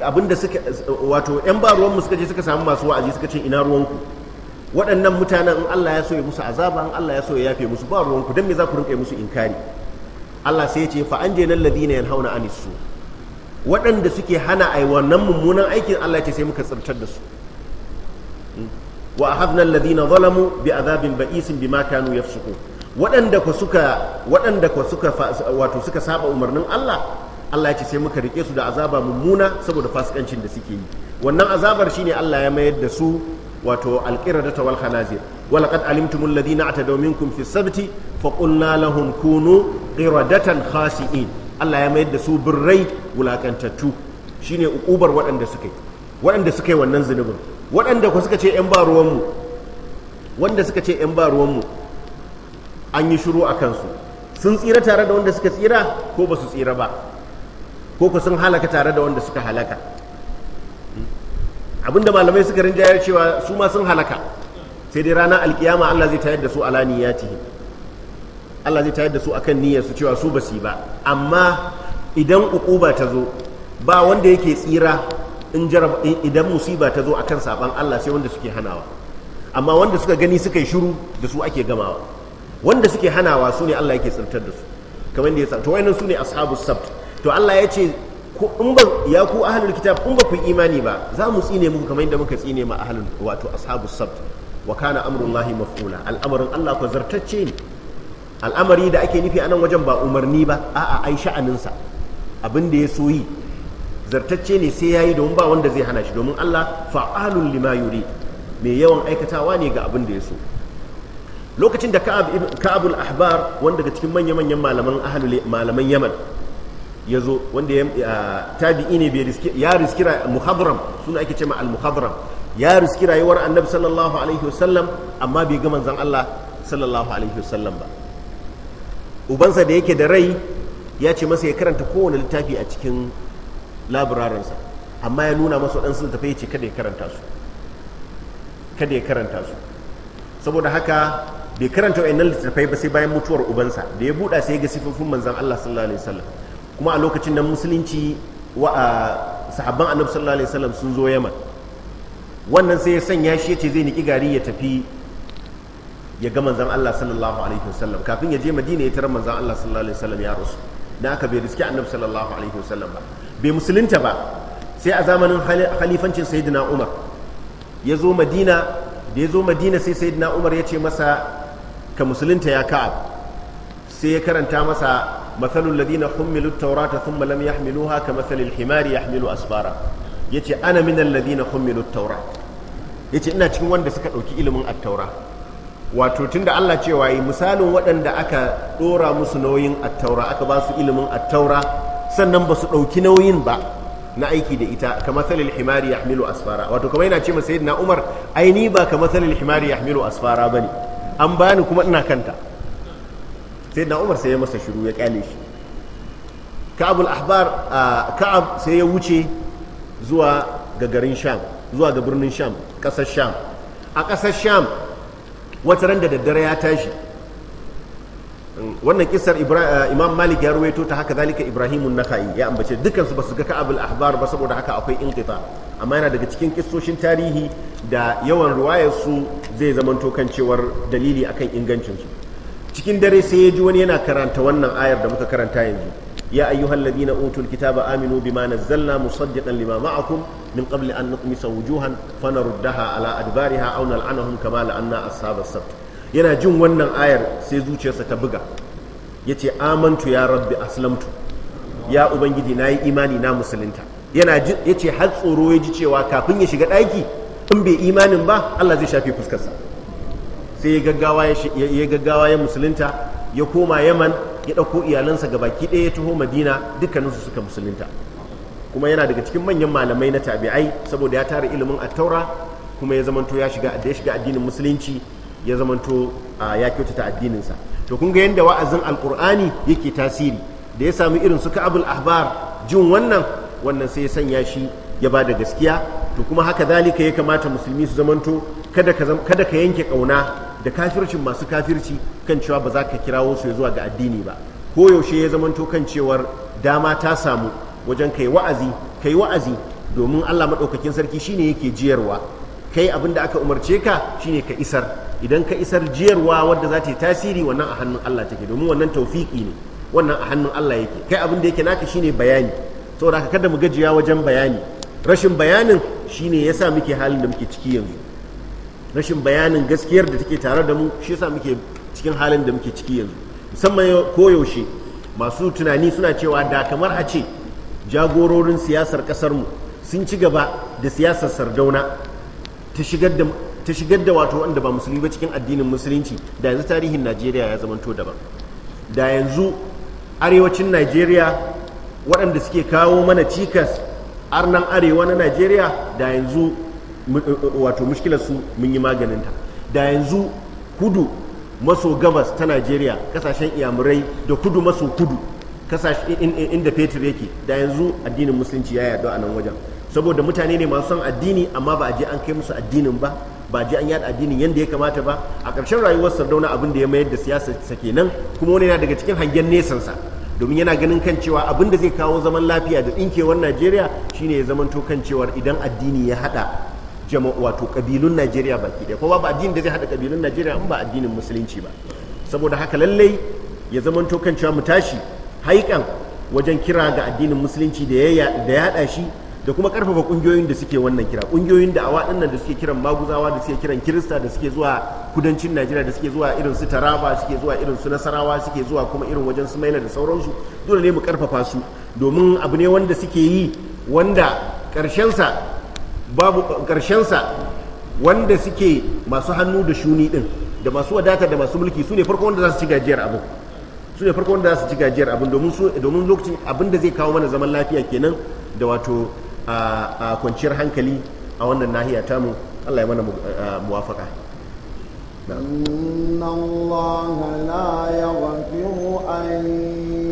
abinda suka wato yan ba ruwanmu suka je suka samu masu wa'azi suka ce ina ruwanku waɗannan mutanen in Allah ya so ya musu azaba in Allah ya so ya yafe musu ba ruwanku dan me za ku rinka musu inkari Allah sai ya ce fa anjayna alladhina yanhauna anis waɗanda suke hana ai wannan mummunan aikin Allah ya ce sai muka tsirtar da su wa ahadna alladhina zalamu bi azabin ba'isin bima kanu yafsukun waɗanda ku suka waɗanda ku suka wato suka saba umarnin Allah Allah ya ce sai muka rike su da azaba mummuna saboda fasikancin da suke yi wannan azabar shine Allah ya mayar da su wato alqiradata wal khanazir wala qad alimtum ladina atadaw minkum fi sabti fa qulna lahum kunu qiradatan khasi'in Allah ya mayar da su birrai wulakantattu shine ukubar waɗanda suka yi waɗanda suka yi wannan zunubin waɗanda ku suka ce yan ba mu wanda suka ce yan ba mu an yi shiru a kansu sun tsira tare da wanda suka tsira ko ba su tsira ba ko ku sun halaka tare da wanda suka halaka abinda malamai suka rinjayar cewa su ma sun halaka sai dai ranar alkiyama Allah zai tayar da su ala niyyatihim Allah zai tayar da su akan niyyar su cewa su ba su ba amma idan ukuba ta zo ba wanda yake tsira in jarab idan musiba ta zo akan saban Allah sai wanda suke hanawa amma wanda suka gani suka yi shiru da su ake gamawa wanda suke hanawa su ne Allah yake tsirtar da su kamar da ya to wayannan su ne ashabus sabt to Allah ya ce in ba ya ku ahalul kitab in ba ku imani ba za mu tsine muku kamar yadda muka tsine ma ahalul wato ashabu sabt wa kana amrullahi maf'ula al'amarin Allah ko zartacce ne al'amari da ake nufi anan wajen ba umarni ba a'a ai sha'aninsa abin da ya soyi zartacce ne sai yayi domin ba wanda zai hana shi domin Allah fa'alul lima yuri mai yawan aikatawa ne ga abin da ya so lokacin da ka'ab ka'abul ahbar wanda daga cikin manya-manyan malaman ahlul malaman Yaman ya zo wanda ya tabi'i ne ya riski muhadram suna ake ce al-muhadram ya riski rayuwar annabi sallallahu alaihi wasallam amma bai ga manzon Allah sallallahu alaihi wasallam ba ubansa da yake da rai ya ce masa ya karanta kowane littafi a cikin laburarinsa amma ya nuna masa waɗansu littafai ya ce kada ya karanta su kada ya karanta su saboda haka bai karanta wa'annan littafai ba sai bayan mutuwar ubansa da ya buɗa sai ya ga sifofin manzon Allah sallallahu alaihi wasallam kuma a lokacin nan musulunci wa a sahabban annabi sallallahu alaihi wasallam sun zo yaman wannan sai ya sanya shi yace zai niki gari ya tafi ya ga manzon Allah sallallahu alaihi wasallam kafin ya je Madina ya tarar manzon Allah sallallahu alaihi wasallam ya rusu dan aka bai riski annabi sallallahu alaihi wasallam ba bai musulunta ba sai a zamanin khalifancin sayyidina Umar ya zo Madina da ya zo Madina sai sayyidina Umar ya ce masa ka musulunta ya Ka'ab sai ya karanta masa mathalul ladina hummilu taurata thumma lam yahmiluha ka mathalil himari yahmilu asfara yace ana minal ladina hummilu taura yace ina cikin wanda suka dauki ilimin at-taura wato tunda Allah cewa yi misalin waɗanda aka dora musu nauyin at-taura aka ba su ilimin at-taura sannan ba su dauki nauyin ba na aiki da ita ka mathalil himari yahmilu asfara wato kamar ina ce ma sayyidina Umar aini ba ka mathalil himari yahmilu asfara bane an bani kuma ina kanta sai na umar sai ya masa shiru ya kyale shi ka'abul ahbar ka'ab sai ya wuce zuwa ga garin sham zuwa ga birnin sham ƙasar sham a ƙasar sham wata ran da daddare ya tashi wannan kisar imam malik ya ruwaito ta haka zalika ibrahim naka'i ya ambace dukansu ba su ga ka'abul ahbar ba saboda haka akwai inqita amma yana daga cikin kissoshin tarihi da yawan su zai zamanto kan cewar dalili akan ingancinsu cikin dare sai ya ji wani yana karanta wannan ayar da muka karanta yanzu ya ayyuhal ladina utul kitaba aminu bima nazzalna musaddiqan lima ma'akum min qabli an nuqmisa wujuhan fanaruddaha ala adbariha aw nal'anahum kama la'anna ashabas sabt yana jin wannan ayar sai zuciyarsa ta buga yace amantu ya rabbi aslamtu ya ubangiji nayi imani na musulunta yana yace har tsoro ya ji cewa kafin ya shiga daki in bai imanin ba Allah zai shafe fuskarsa sai ya gaggawa ya musulunta ya koma yaman ya ɗauko iyalansa ga baki ɗaya ya taho madina dukkaninsu suka musulunta kuma yana daga cikin manyan malamai na tabi'ai saboda ya tara ilimin attaura kuma ya zamanto ya shiga ya addinin musulunci ya zamanto ya kyautata addininsa to kun ga yadda wa'azin alkur'ani yake tasiri da ya sami irin su ka'abul ahbar jin wannan wannan sai ya sanya shi ya ba da gaskiya to kuma haka zalika ya kamata musulmi su zamanto kada ka yanke kauna da kafircin masu kafirci kan cewa ba za ka kirawo su zuwa ga addini ba ko yaushe ya zamanto kan cewar dama ta samu wajen kai wa'azi kai wa'azi domin Allah maɗaukakin sarki shine yake jiyarwa kai abin aka umarce ka shine ka isar idan ka isar jiyarwa wadda za ta yi tasiri wannan a hannun Allah take domin wannan taufiki ne wannan a hannun Allah yake kai abinda da yake naka shine bayani saboda haka kada mu gajiya wajen bayani rashin bayanin shine yasa muke halin da muke ciki yanzu rashin bayanin gaskiyar da take tare da mu shi yasa muke cikin halin da muke ciki yanzu musamman koyaushe masu tunani suna cewa da kamar a ce jagororin siyasar kasar mu sun ci gaba da siyasar sardauna ta shigar da ta shigar da wato wanda ba musulmi ba cikin addinin musulunci da yanzu tarihin najeriya ya zamanto daban da yanzu arewacin najeriya waɗanda suke kawo mana cikas arnan arewa na najeriya da yanzu Eh, eh, wato mushkilar su mun yi maganin ta da yanzu kudu maso gabas ta najeriya kasashen iyamurai da kudu maso kudu inda fetur yake da yanzu addinin musulunci ya yaɗu a nan wajen saboda mutane ne masu son addini amma ba a je an kai musu addinin ba ba a je an yada addinin yadda ya kamata ba a ƙarshen rayuwar sardauna abin da ya mayar da siyasa sa nan kuma wani yana daga cikin hangen nesansa domin yana ganin kan cewa abin da zai kawo zaman lafiya da ɗinkewar najeriya shine ya zamanto kan cewa idan addini ya haɗa jama'u wato kabilun Najeriya baki ɗaya kowa ba addini da zai haɗa kabilun Najeriya in ba addinin musulunci ba saboda haka lallai ya zamanto tokan cewa mu tashi haikan wajen kira ga addinin musulunci da ya yaɗa shi da kuma karfafa kungiyoyin da suke wannan kira kungiyoyin da awa dinnan da suke kiran maguzawa da suke kiran kirista da suke zuwa kudancin najeriya da suke zuwa irin su taraba suke zuwa irin su nasarawa suke zuwa kuma irin wajen su maila da sauransu dole ne mu karfafa su domin abu ne wanda suke yi wanda sa babu sa wanda suke masu hannu da shuni din da masu wadata da masu mulki su ne farko wanda za su ci gajiyar abu su ne farko wanda za su ci gajiyar abu domin lokacin abin da zai kawo mana zaman lafiya kenan da wato a kwanciyar hankali a wannan nahiya tamu Allah ya mana muwafaka إن الله لا يغفر أن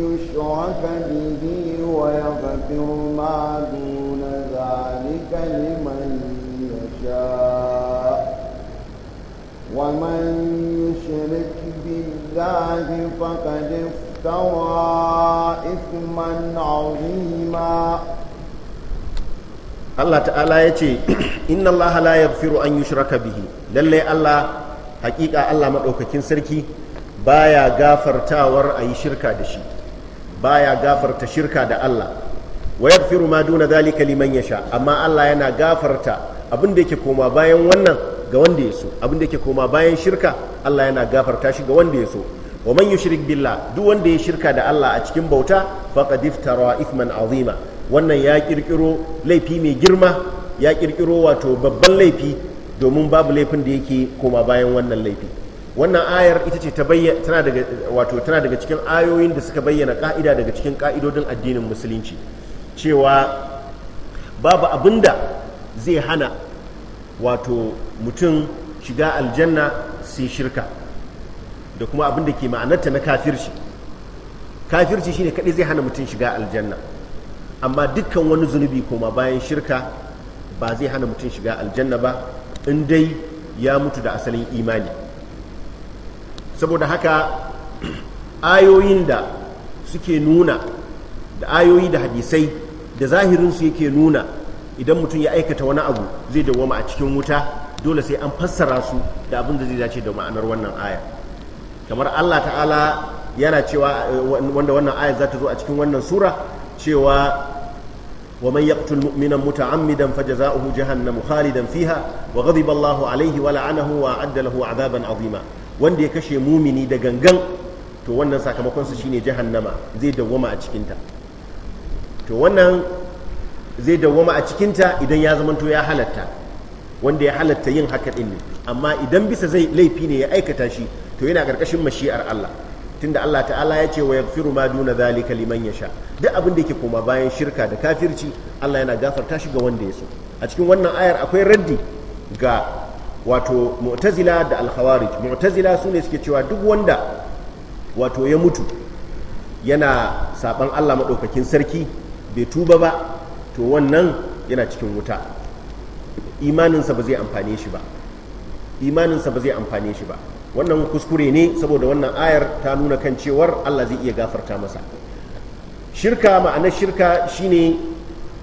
يشرك به ويغفر ما دون ومن يشرك بالله فقد افترى إثما عظيما Allah ta'ala ya ce inna Allah la yaghfiru an yushraka bihi lalle Allah hakika Allah madaukakin sarki baya gafartawar a yi shirka da shi baya gafarta shirka da Allah Wayar firu ma duna zalika liman sha, amma Allah yana gafarta abin da yake koma bayan wannan ga wanda ya so abin da yake koma bayan shirka Allah yana gafarta shi ga wanda ya so wa man yushrik billah duk wanda ya shirka da Allah a cikin bauta faqad iftara ithman azima wannan ya kirkiro laifi mai girma ya kirkiro wato babban laifi domin babu laifin da yake koma bayan wannan laifi wannan ayar ita ce ta bayyana tana daga wato tana daga cikin ayoyin da suka bayyana ka'ida daga cikin ka'idodin addinin musulunci cewa babu abinda zai hana wato mutum shiga aljanna sai shirka da kuma abin da ke ma'anarta na kafirci kafirci shine kaɗai zai hana mutum shiga aljanna amma dukkan wani zunubi koma bayan shirka ba zai hana mutum shiga aljanna ba in dai ya mutu da asalin imani saboda haka ayoyin da suke nuna da ayoyi da hadisai da zahirinsu yake nuna idan mutum ya aikata wani abu zai dawwama a cikin wuta dole sai an fassara su da abin da zai dace da ma'anar wannan aya kamar Allah ta'ala yana cewa eh, wanda wannan aya za ta zo a cikin wannan sura cewa muta'ammidan fajaza'uhu jahannam khalidan fiha wa ghadiba Allahu alayhi wa la'anahu wa adda lahu 'adaban 'azima wanda ya kashe mumini da gangan to wannan sakamakonsa shine jahannama zai dawwama a cikinta to wannan zai dawwama a cikinta idan ya zamanto ya halatta wanda ya halatta yin haka ɗin ne amma idan bisa zai laifi ne ya aikata shi to yana ƙarƙashin mashi'ar Allah tunda Allah ta'ala ya ce wa ya firu ma duna zalika liman yasha duk abin da yake koma bayan shirka da kafirci Allah yana gafarta shi ga wanda ya so a cikin wannan ayar akwai raddi ga wato mu'tazila da al-khawarij mu'tazila sune suke cewa duk wanda wato ya mutu yana saban Allah madaukakin sarki bai tuba ba to wannan yana cikin wuta imaninsa ba zai amfane shi ba imaninsa ba zai amfane shi ba wannan kuskure ne saboda wannan ayar ta nuna kan cewar Allah zai iya gafarta masa shirka ma'ana shirka shine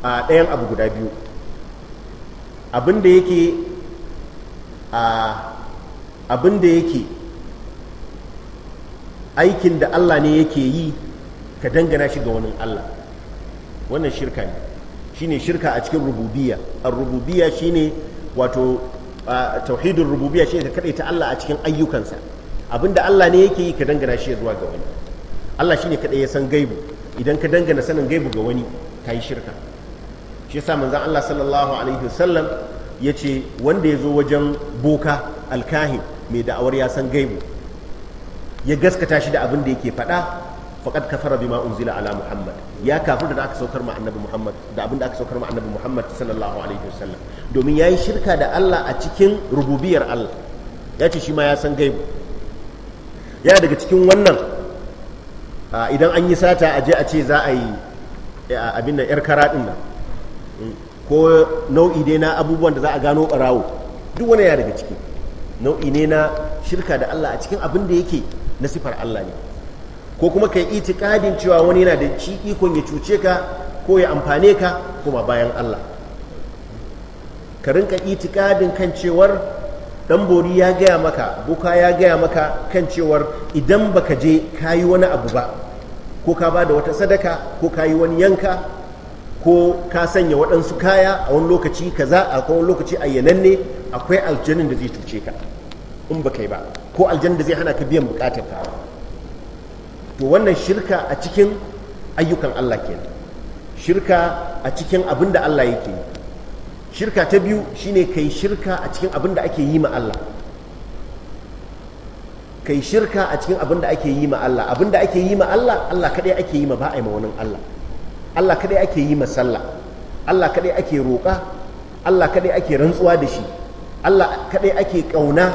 a ɗayan abu guda biyu abin yake abin yake aikin da Allah ne yake yi ka dangana shi ga wani Allah wannan shirka ne shine shirka a cikin A rububiya shi shine wato tauhidin shi shine ka kadaita Allah a cikin ayyukansa abinda Allah ne yake yi ka dangana shi zuwa ga wani Allah shine kaɗai ya san gaibu idan ka dangana sanin gaibu ga wani ka yi shirka shi yasa manzon Allah sallallahu alaihi wasallam yace wanda ya zo wajen boka alkahin mai da'awar ya san gaibu ya gaskata shi da abin da yake faɗa faqad kafara bima unzila ala muhammad ya kafir da aka saukar ma annabi muhammad da abin da aka saukar ma annabi muhammad sallallahu alaihi wasallam domin yayi shirka da Allah a cikin rububiyar Allah ya ce shi ma ya san gaibu ya daga cikin wannan idan an yi sata a je a ce za a yi abin nan yar kara din nan mm, ko nau'i ne na abubuwan da za a gano barawo duk wani ya daga ciki nau'i ne na shirka da Allah a cikin abin da yake na sifar Allah ne ko kuma ka yi itikadin cewa wani yana da shi ikon ya cuce ka ko ya amfane ka kuma bayan Allah ka rinka itikadin kan cewar dan bori ya gaya maka buka ya gaya maka kan cewar idan baka je ka yi wani abu ba ko ka ba da wata sadaka ko ka yi wani yanka ko ka sanya waɗansu kaya a wani lokaci kaza a wani lokaci ayyananne akwai aljanin da zai cuce ka in baka yi ba ko aljanin da zai hana ka biyan bukatar ka to wannan shirka a cikin ayyukan Allah ke. shirka a cikin abin da Allah yake yi shirka ta biyu shine kai shirka a cikin abin da ake yi ma Allah kai shirka a cikin abin da ake yi ma Allah abin da ake yi ma Allah Allah kadai ake yi ma ba a yi ma wani Allah Allah kadai ake yi ma sallah Allah kadai ake roƙa Allah kadai ake rantsuwa da shi Allah kadai ake ƙauna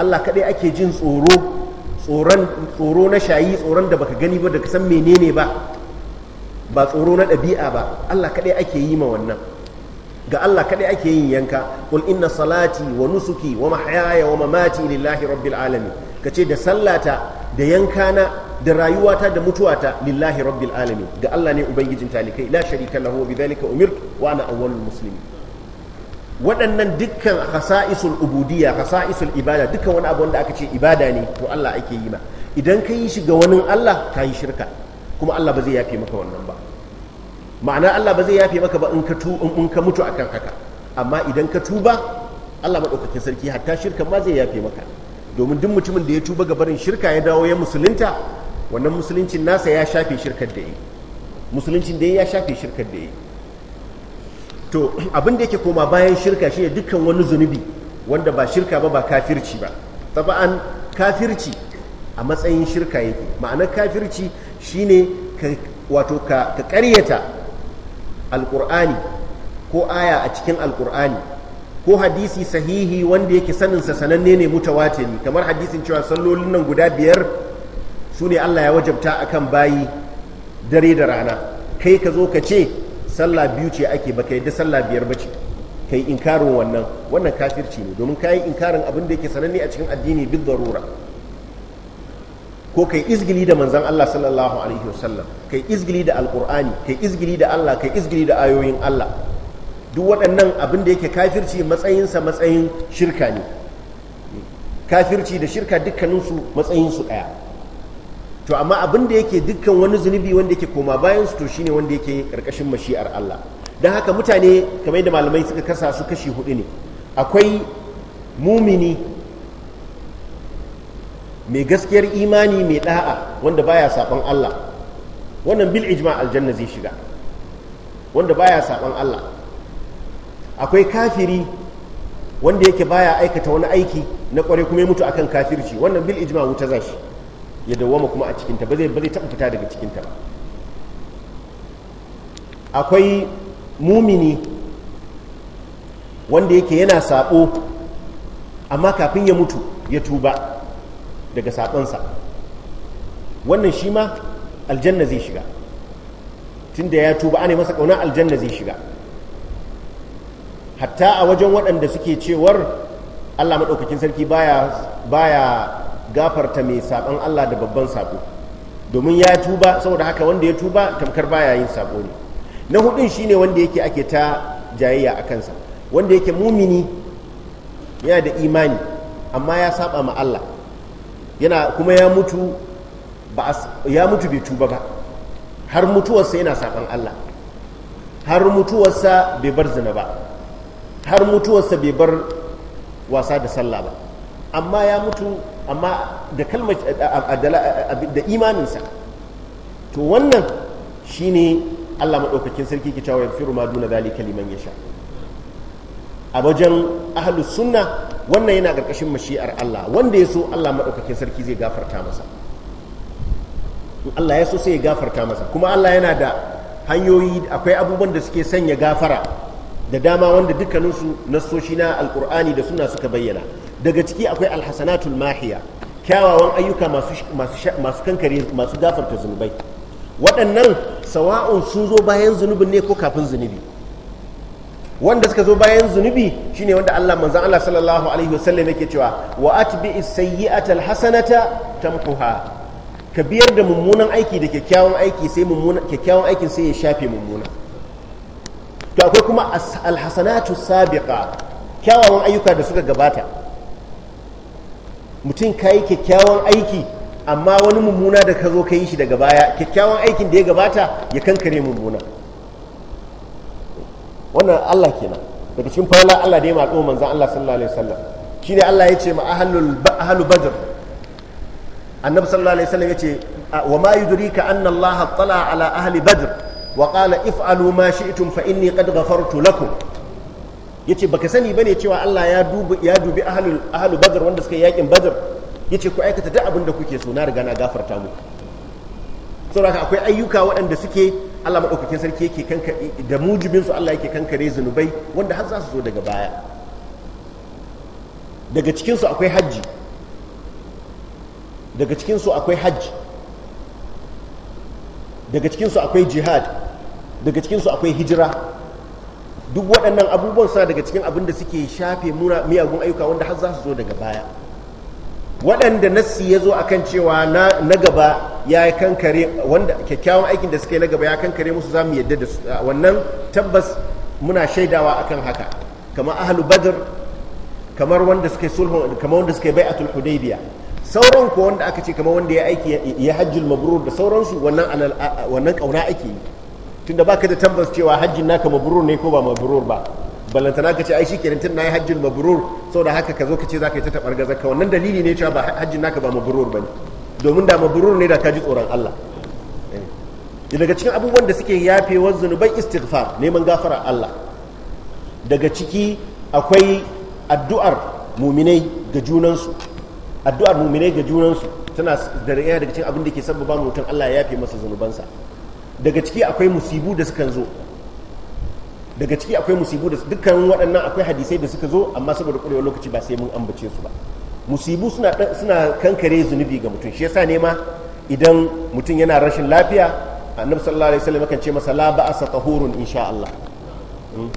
Allah kadai ake jin tsoro tsoro na shayi tsoron da baka gani ba da san menene ba ba tsoro na ɗabi'a ba Allah kaɗai ake yi ma wannan ga Allah kaɗai ake yin yanka kul inna salati wa nusuki wa mahyaya wa mamati lillahi rabbil alamin kace da sallata da yankana da rayuwata da mutuwata lillahi rabbil alamin ga Allah ne ubangijin talikai la sharika lahu wa bidhalika umirtu wa ana awwalul muslimin waɗannan dukkan hasa'isul ubudiyya hasa'isul ibada dukkan wani abu wanda aka ce ibada ne to Allah ake yi ma idan ka yi shi ga wani Allah ka yi shirka kuma Allah ba zai yafe maka wannan ba ma'ana Allah ba zai yafe maka ba in ka tu in ka mutu akan haka amma idan ka tuba Allah madaukakin sarki hatta shirka ma zai yafe maka domin duk mutumin da ya tuba ga barin shirka ya dawo ya musulunta wannan musuluncin nasa ya shafe shirkar da yi musuluncin da ya shafe shirkar da yi to abin da yake koma bayan shirka shine dukkan wani zunubi wanda ba shirka ba ba kafirci ba taba'an kafirci a matsayin shirka yake ma'anar kafirci shine wato ka karyata alkur'ani ko aya a cikin alkur'ani ko hadisi sahihi wanda yake saninsa sananne ne ne, kamar hadisin cewa sallolin nan guda biyar su ne allah ya wajabta akan bayi dare da rana kai ka zo ka ce sallah biyu ce ake baka yadda sallah biyar bace kai inkarin wannan wannan kafirci ne domin kayi inkarin abin da yake sananne a cikin addini bid darura ko kai izgili da manzon Allah sallallahu alaihi wasallam kai izgili da alqur'ani kai izgili da Allah kai izgili da ayoyin Allah duk waɗannan abin da yake kafirci matsayinsa matsayin shirka ne kafirci da shirka dukkaninsu matsayinsu ɗaya to amma abin da yake dukkan wani zunubi wanda yake koma bayan su to shine wanda yake karkashin mashi'ar Allah don haka mutane kamar da malamai suka kasa su kashi hudu ne akwai mumini mai gaskiyar imani mai da'a wanda baya saban Allah wannan bil ijma aljanna zai shiga wanda baya saban Allah akwai kafiri wanda yake baya aikata wani aiki na kware kuma ya mutu akan kafirci wannan bil ijma wuta za shi ya dawoma kuma a cikinta ba zai ba zai taɓa fita daga cikinta ba akwai mumini wanda yake yana saɓo amma kafin ya mutu ya tuba daga saɓonsa wannan shi ma aljanna zai shiga tunda ya tuba ana masa ƙauna aljanna zai shiga hatta a wajen waɗanda suke cewar allah maɗaukakin sarki baya gafarta mai saɓan Allah da babban sako domin ya tuba saboda haka wanda ya tuba tamkar baya yin sako ne na hudun shine wanda yake ake ta jayayya a kansa wanda yake mumini yana da imani amma ya saba ma Allah yana kuma ya mutu ba ya mutu bai tuba ba har mutuwarsa yana saban Allah har mutuwarsa bai bar zina ba har mutuwarsa bai bar wasa da sallah ba amma ya mutu amma da kalmar da imaninsa to wannan shine Allah maɗaukakin sarki ke cewa fi ma duna zalika liman sha a wajen ahalus sunna wannan yana ƙarƙashin mashi'ar Allah wanda ya so Allah maɗaukakin sarki zai gafarta masa Allah ya so sai ya gafarta masa kuma Allah yana da hanyoyi akwai abubuwan da suke sanya gafara da dama wanda dukkaninsu nasoshi na alkur'ani da suna suka bayyana daga ciki akwai alhassanatul mahiya kyawawan ayyuka masu kankare masu gafarta zunubai waɗannan sawa'un sun zo bayan zunubin ne ko kafin zunubi wanda suka zo bayan zunubi shine wanda Allah manzan Allah sallallahu alaihi wasallam yake cewa wa atbi sayyi'ata alhasanata tamkuha ka biyar da mummunan aiki da kyakkyawan aiki sai mummunan kyakkyawan aikin sai ya shafe mummunan to akwai kuma alhasanatu sabiqa kyawawan ayyuka da suka gabata mutum ka yi kyakkyawan aiki amma wani mummuna da ka zo ka yi shi daga baya kyakkyawan aikin da ya gabata ya kankare mummuna wannan Allah kenan daga cikin fara Allah da ya matso manzan Allah sallallahu alaihi wasallam ne Allah ya ce ma ahlul ahlu badr annabi sallallahu alaihi wasallam ya ce wa ma yudrika anna Allah tala ala ahli badr wa qala if'alu ma shi'tum fa inni qad ghafartu lakum yace baka sani bane cewa Allah ya dubi ya dubi ahlul ahlu badr wanda suka yi yakin badr yace ku aikata duk abin da kuke so na riga na gafarta muku saboda akwai ayyuka waɗanda suke Allah maɗaukakin sarki yake kanka da mujibin su Allah yake kankare zunubai wanda har za su zo daga baya daga cikin su akwai hajji daga cikin su akwai hajji daga cikin su akwai jihad daga cikinsu akwai hijira duk waɗannan abubuwan suna daga cikin abin da suke shafe miyagun ayyuka wanda har za su zo daga baya waɗanda nassi ya zo kan cewa na gaba ya kankare wanda kyakkyawan aikin da suka yi na gaba ya kankare musu za mu yadda da su wannan tabbas muna shaidawa akan haka kamar ahalu badr kamar wanda suka yi sulhu kamar wanda suka yi bai'atul hudaybiya sauran ko wanda aka ce kamar wanda ya aiki ya hajjul mabrur da sauransu wannan wannan kauna ake yi tunda baka da tabbas cewa hajjin naka mabrur ne ko ba mabrur ba ballantana ka ce ai shikenan tun nayi hajjin mabrur saboda haka ka zo ka ce zaka yi ta tabar gazaka ka wannan dalili ne cewa ba hajjin naka ba mabrur bane domin da mabrur ne da ka ji tsoron Allah eh. daga cikin abubuwan da suke yafe wa zunuban istighfar neman gafara Allah daga ciki akwai addu'ar muminai ga junansu addu'ar muminai ga junansu tana da daga cikin abin da ke sabbaba mutum Allah ya yafe masa zunubansa daga ciki akwai musibu da sukan zo daga ciki akwai musibu da dukkan waɗannan akwai hadisai da suka zo amma saboda ƙwarewar lokaci ba sai mun ambace su ba musibu suna kankare zunubi ga mutum shi yasa ne ma idan mutum yana rashin lafiya annabi sallallahu alaihi wasallam kan ce masa la ba'asa tahurun insha Allah hmm?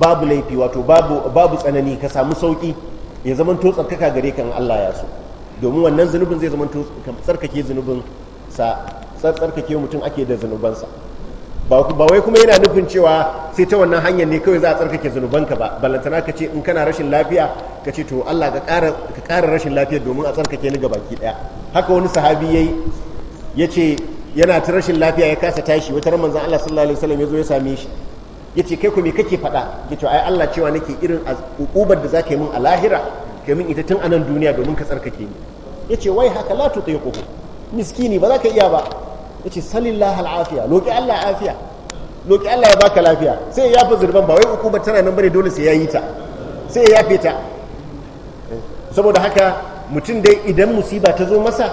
babu laifi wato babu babu tsanani ka samu sauki ya zama to tsarkaka gare kan Allah ya so domin wannan zunubin zai zama to tsarkake zunubin sa tsarkake mutum ake da zunubansa ba wai kuma yana nufin cewa sai ta wannan hanyar ne kawai za a tsarkake zunubanka ba ballantana ka ce in kana rashin lafiya ka ce to Allah ka ƙara rashin lafiya domin a tsarkake ni gabaki ɗaya haka wani sahabi yi ya ce yana ta rashin lafiya ya kasa tashi wata ramar zan Allah sallallahu alaihi wasallam ya zo ya same shi ya ce kai ku me kake faɗa ya ce ai Allah cewa nake irin ƙubar da zaka yi min a lahira min ita tun a nan duniya domin ka tsarkake ni ya ce wai haka la miskini ba za ka iya ba yace lahal afiya loki Allah afiya loki Allah ya baka lafiya sai ya fi zurban ba wai hukumar tana nan bane dole sai ya yi ta sai ya yafe ta saboda haka mutum dai idan musiba ta zo masa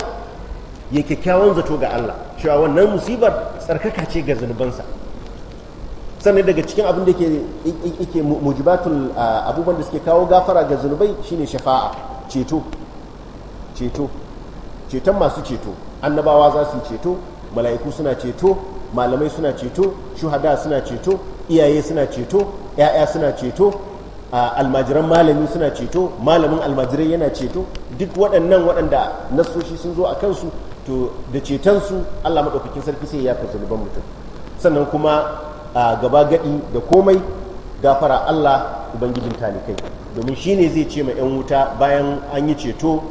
ya kyakkyawan zato ga Allah cewa wannan musibar tsarkaka ce ga zunubansa sannan daga cikin abin da ke yake mujibatul abubuwan da suke kawo gafara ga zunubai shine shafa'a ceto ceto ceton masu ceto annabawa za su yi ceto mala'iku suna ceto malamai suna ceto shuhada suna ceto iyaye suna ceto ya'ya suna ceto almajiran malami suna ceto malamin almajirai yana ceto duk waɗannan waɗanda nasoshi sun zo a kansu to da cetonsu allah maɗaukakin sarki sai ya fi zunuban mutum sannan kuma a gaba gaɗi da komai gafara allah ubangijin talikai domin shi ne zai ce ma 'yan wuta bayan an yi ceto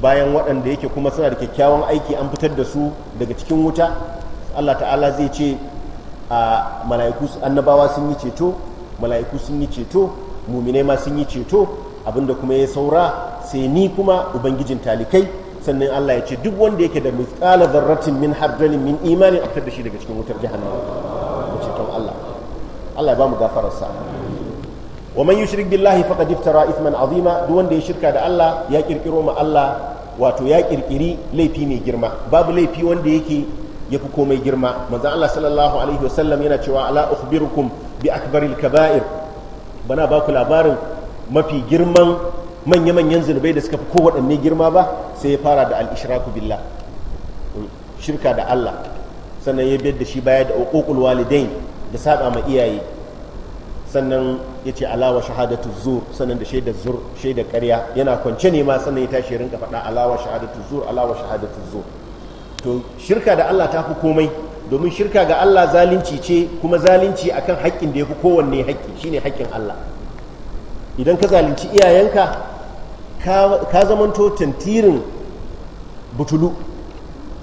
bayan waɗanda yake kuma suna da kyakkyawan aiki an fitar da su daga cikin wuta Allah ta'ala zai ce a mala'iku annabawa sun yi ceto mala'iku sun yi ceto muminai ma sun yi ceto abinda kuma ya saura sai ni kuma ubangijin talikai sannan Allah ya ce duk wanda yake da mithqala zarratin min hardalin min imani a fitar da shi daga cikin wutar jahannama da ceton Allah Allah ya ba mu gafararsa wa man yushrik billahi faqad iftara ithman azima duk wanda ya shirka da Allah ya kirkiro ma Allah wato ya kirkiri laifi mai girma babu laifi wanda yake yafi komai girma manzo Allah sallallahu alaihi wasallam yana cewa ala ukhbirukum bi akbaril kaba'ir bana ba ku labarin mafi girman manya manyan zunubai da suka fi kowaɗanne girma ba sai ya fara da al-ishraku billah hmm, shirka da Allah sannan ya biyar da shi baya da uququl walidain da saba ma iyaye sannan ya ce alawa shahadatu zur sannan da shaidar zur shaidar karya yana kwance ne ma sannan ya tashi rinka faɗa alawa shahadatu zur alawa shahadatu zur to shirka da Allah ta fi komai domin shirka ga Allah zalunci ce kuma zalunci akan haƙƙin da ya fi kowanne haƙƙi shine haƙƙin Allah idan ka zalunci iyayenka ka zamanto tantirin butulu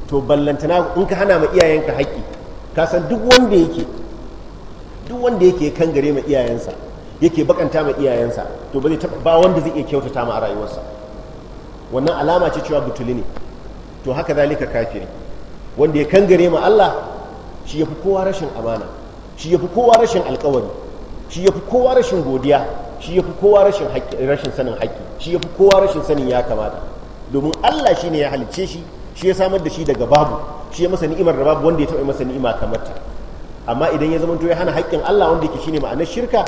to ballantana in ka hana ma iyayenka haƙƙi ka san duk wanda yake duk wanda yake kangare ma iyayensa yake bakanta ma iyayensa to ba zai ba wanda zai iya kyautata ma a rayuwarsa wannan alama ce cewa butuli ne to haka zalika kafiri wanda ya kangare ma Allah shi yafi kowa rashin amana shi yafi kowa rashin alkawari shi yafi kowa rashin godiya shi yafi kowa rashin rashin sanin haƙƙi shi yafi kowa rashin sanin ya kamata domin Allah shine ya halicce shi shi ya samar da shi daga babu shi ya masa ni'imar da babu wanda ya taɓa masa ni'ima kamar ta amma idan ya zamanto ya hana haƙƙin Allah wanda yake shine ma'anar shirka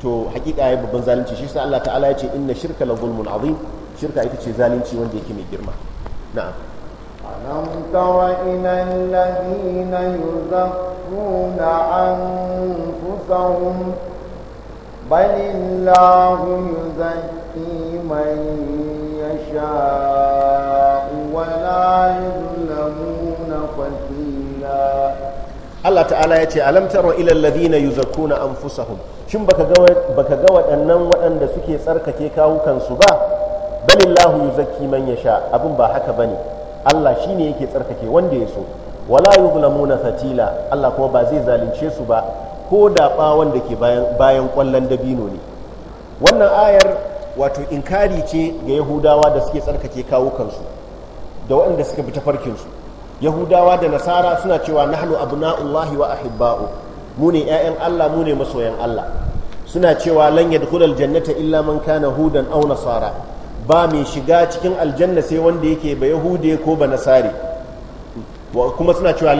to haƙiƙa ya babban zalunci shi sa Allah ta'ala ya ce inna shirka la zulmun azim shirka ita ce zalunci wanda yake mai girma na'am alam tara ila alladhina yuzakkuna anfusahum bal illahu yuzakki man yasha wa la Allah ta'ala ya ce alam tara ila alladhina yuzakkuna anfusahum shin baka ga baka ga waɗannan waɗanda suke tsarkake kawukan su ba balillahu yuzakki man yasha abin ba haka bane Allah shine yake tsarkake wanda ya so wala yuzlamuna fatila Allah kuma ba zai zalunce su ba ko da ba wanda ke bayan bayan kwallon dabino ne wannan ayar wato inkari ce ga Yahudawa da suke tsarkake kawukansu da waɗanda suka bi su yahudawa da nasara suna cewa nahnu abna'ullahi wa ahibba'u mu ne ƴaƴan Allah mu ne masoyan Allah suna cewa lan yadkhulul jannata illa man kana hudan aw nasara ba mai shiga cikin aljanna sai wanda yake ba yahude ko ba nasari kuma suna cewa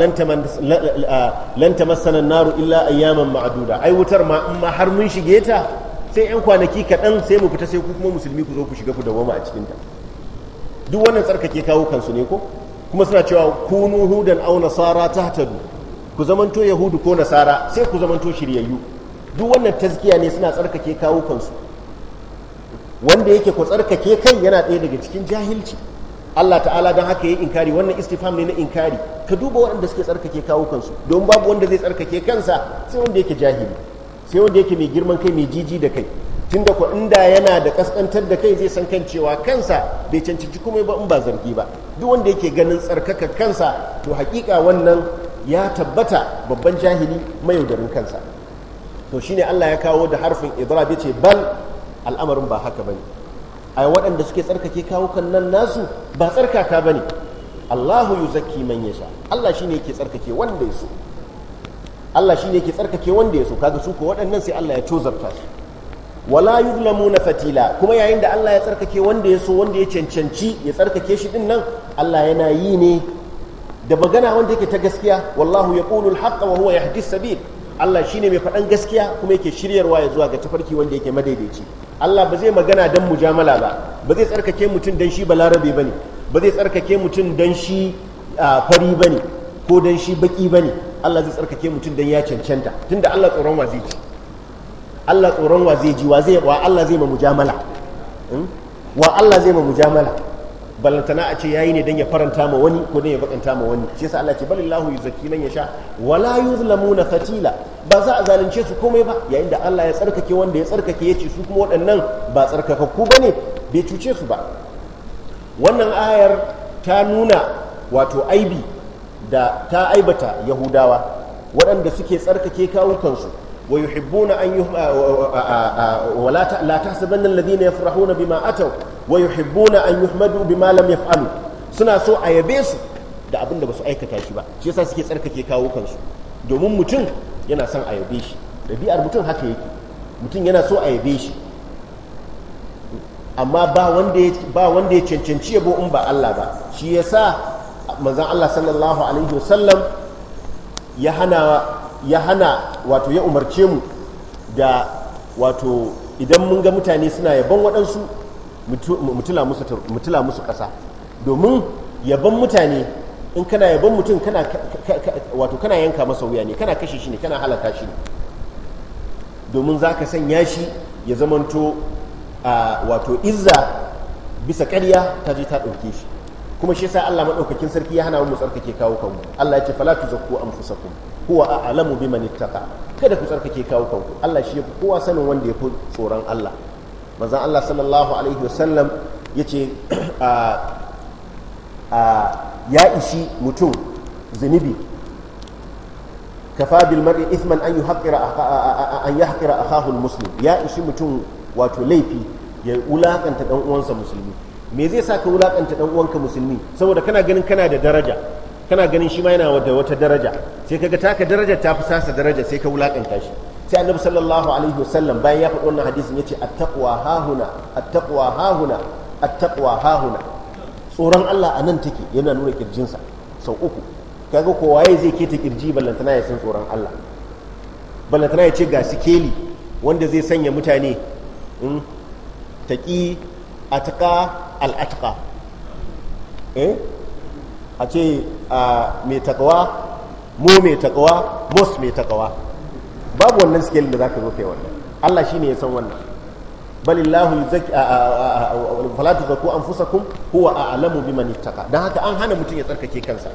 lan tamassana an-naru illa ayyaman ma'duda ai wutar ma in har mun shige ta sai yan kwanaki kaɗan sai mu fita sai ku kuma musulmi ku zo ku shiga ku dawoma a cikinta duk wannan tsarkake kawo kansu ne ko kuma suna cewa kunu hudan au nasara tahtadu ku zamanto yahudu ko nasara sai ku zamanto shiryayyu duk wannan taskiya ne suna tsarkake kawo kansu wanda yake ku tsarkake kai yana ɗaya daga cikin jahilci Allah ta'ala don haka ya yi inkari wannan istifam ne na inkari ka duba waɗanda suke tsarkake kawukansu, kansu don babu wanda zai tsarkake kansa sai wanda yake jahili sai wanda yake mai girman kai mai jiji da kai tunda ko inda yana da kaskantar da kai zai san kan cewa kansa bai cancanci kuma ba in ba zargi ba duk wanda yake ganin tsarkaka kansa to hakika wannan ya tabbata babban jahili mayaudarin kansa to shine Allah ya kawo da harfin idrab yace bal al'amarin ba haka bane ai waɗanda suke tsarkake kawo nan nasu ba tsarkaka bane Allahu yuzakki man yasha Allah shine yake tsarkake wanda ya so Allah shine yake tsarkake wanda ya so kaga su ko waɗannan sai Allah ya tozarta su wala na fatila kuma yayin da Allah ya tsarkake wanda ya so wanda ya cancanci ya tsarkake shi din nan Allah yana yi ne da magana wanda yake ta gaskiya wallahu yaqulu al-haqqa wa huwa yahdi sabil Allah ne mai faɗan gaskiya kuma yake shiryarwa ya zuwa ga tafarki wanda yake madaidaici Allah ba zai magana dan mujamala ba ba zai tsarkake mutum dan shi balarabe bane ba zai tsarkake mutum dan shi fari bane ko dan shi baki bane Allah zai tsarkake mutum dan ya cancanta tunda Allah tsoron wa Allah tsoron wa zai ji wa Allah zai ma mujamala wa Allah zai ma mujamala hmm? balantana a ce yayi ne dan ya faranta ma wani ko dan ya bakanta ma wani shi yasa Allah ce balillahu yuzakki man yasha wala yuzlamuna fatila ba za a zalunce su komai ba yayin da Allah ya tsarkake wanda ya tsarkake ya ce su kuma waɗannan ba tsarkakakku bane bai cuce su ba wannan ayar ta nuna wato aibi da ta aibata yahudawa waɗanda suke tsarkake kawukansu ويحبون أن يح... ولا ت... لا تحسبن الذين يفرحون بما أتوا ويحبون أن يحمدوا بما لم يفعلوا سنا سو أيبيس da abin da ba su aikata shi ba shi yasa suke tsarkake kawo kansu domin mutum yana son a yabe shi ɗabi'ar mutum haka yake mutum yana so a yabe shi amma ba wanda ba wanda ya cancanci yabo in ba Allah ba shi yasa manzon Allah sallallahu alaihi wasallam ya hana ya hana wato ya umarce mu da wato idan mun ga mutane suna yaban waɗansu mutula musu ƙasa domin yaban mutane in kana yaban mutum wato kana yanka masa wuya ne kana kashe shi ne kana halaka shi ne domin za ka sanya shi ya zamanto wato izza bisa ƙarya ta je ta ɗauke shi kuma shi sai Allah madaukakin sarki ya hana mu tsarkake kawo kanku Allah ya ce fala tuzakku anfusakum huwa a'lamu biman ittaqa kada ku tsarkake kawo kanku Allah shi yafi kowa sanin wanda yafi tsoron Allah manzon Allah sallallahu alaihi wasallam yace a a ya ishi mutum zunubi kafa bil mar'i ithman an yuhaqqira an yahqira akahu al muslim ya ishi mutum wato laifi ya wulakanta dan uwansa musulmi me zai sa ka wulakanta dan uwanka musulmi saboda kana ganin kana da daraja kana ganin shi ma yana da wata daraja sai kaga taka daraja ta fi sasa daraja sai ka wulakanta shi sai annabi sallallahu alaihi wasallam bayan ya faɗi wannan hadisin yace attaqwa hahuna attaqwa hahuna attaqwa hahuna tsoron Allah a nan take yana nuna kirjinsa sau uku kaga ko waye zai keta kirji ballantana ya san tsoron Allah ballantana ya ce ga sikeli wanda zai sanya mutane hmm, taƙi ataka al'atqa eh a ce mai takawa mu mai takawa mos mai takawa babu wannan skill da za ka zo kai wannan Allah shi ne ya san wannan balillahu yuzakki an fusa anfusakum huwa a'lamu biman ittaqa dan haka an hana mutum ya tsarkake kansa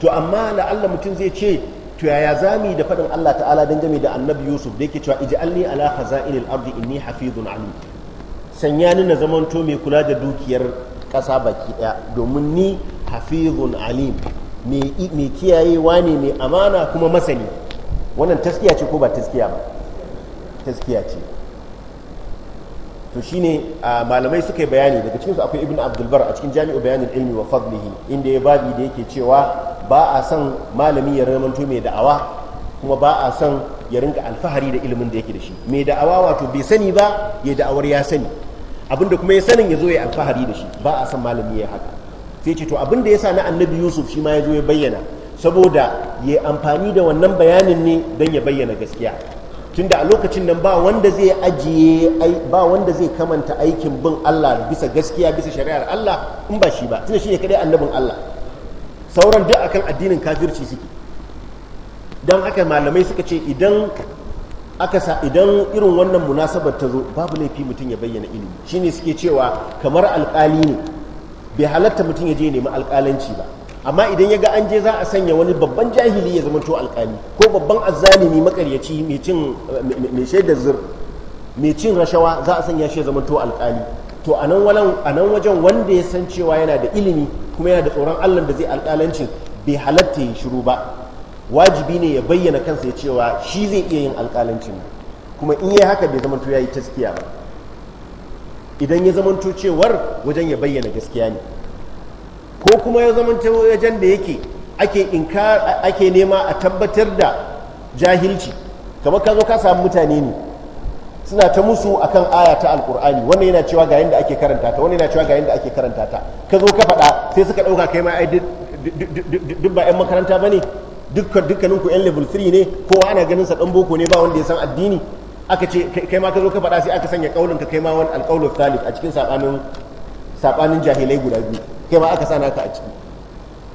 to amma la'alla mutum zai ce to yaya zami da faɗin Allah ta'ala dangane da annabi Yusuf da yake cewa ij'alni ala khaza'inil ardi inni hafizun alim sanya ni na zamanto mai kula da dukiyar ƙasa baki ɗaya domin ni hafizun alim mai kiyayewa ne mai amana kuma masani wannan taskiya ce ko ba taskiya ba taskiya ce to shine malamai suka yi bayani daga cikinsu akwai ibn abdulbar a cikin jami'u bayanin ilmi wa fadlihi inda ya babi da yake cewa ba a son malami ya ramanto mai da'awa kuma ba a son ya rinka alfahari da ilimin da yake da shi mai da'awa wato bai sani ba ya da'awar ya sani abinda kuma ya sanin ya zo ya alfahari da shi ba a san malami ya haka sai ce to abinda ya sa na annabi yusuf shi ma ya zo ya bayyana saboda ya amfani da wannan bayanin ne don ya bayyana gaskiya tunda a lokacin nan ba wanda zai ajiye ba wanda zai kamanta aikin bin Allah bisa gaskiya bisa shari'ar Allah in ba shi ba tunda shi ne kadai annabin Allah sauran duk akan addinin kafirci suke don haka malamai suka ce idan aka sa idan irin wannan munasabar ta zo babu laifi mutum ya bayyana ilimi shi ne suke cewa kamar alkali ne bai halatta mutum ya je nemi alkalanci ba amma idan ya ga an je za a sanya wani babban jahili ya zama to alƙali ko babban azzalimi makaryaci mai cin rashawa za a sanya shi ya zama to alƙali to a nan wajen wanda ya san cewa yana da ilimi kuma yana da tsoron allah da zai alkalancin bai halatta ya shiru ba wajibi ne ya bayyana kansa ya cewa shi zai iya yin ne kuma in yi haka bai zamanto ya yi taskiya ba idan ya zamanto cewar wajen ya bayyana gaskiya ne ko kuma ya zamanto wajen da yake ake ake nema a tabbatar da jahilci kamar ka zo ka samu mutane ne suna ta musu akan aya ta alkur'ani wannan yana cewa ga yadda ake karanta ta wannan yana cewa ga yadda ake karanta ta ka zo ka faɗa sai suka ɗauka kai ma ai duk ba 'yan makaranta ba ne dukkanin ku yan level 3 ne kowa ana ganin sa dan boko ne ba wanda ya san addini aka ce kai ma ka zo ka faɗa sai aka sanya kaulin ka kai ma wani alqaulu thalith a cikin sabanin sabanin jahilai guda biyu kai ma aka sana ka a ciki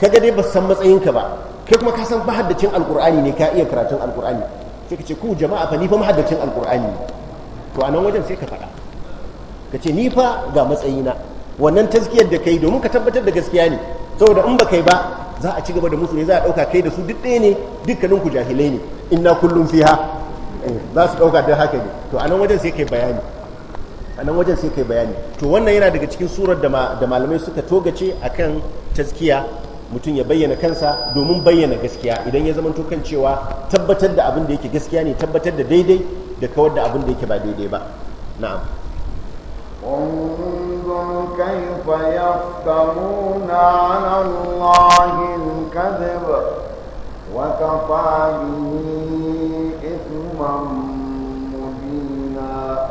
kaga dai ba san matsayin ka ba kai kuma ka san mahaddacin alqur'ani ne ka iya karatun alqur'ani sai ka ce ku jama'a fa ni fa mahaddacin alqur'ani to a nan wajen sai ka faɗa ka ce ni fa ga matsayina wannan tazkiyar da kai domin ka tabbatar da gaskiya ne saboda in ba kai ba za a ci gaba da musu ne za a dauka kai da su duk ɗaya ne dukkanin ku jahilai ne na kullum ha eh, za su dauka da haka ne to anan wajen sai kai bayani anan wajen sai kai bayani to wannan yana daga cikin surar da malamai suka togace kan taskiya mutum ya bayyana kansa domin bayyana gaskiya idan ya zamanto kan cewa tabbatar da abin da yake gaskiya ne tabbatar da daidai da kawar da abin da yake ba daidai ba na'am كيف يفترون على الله الكذب وكفى به إثما مبينا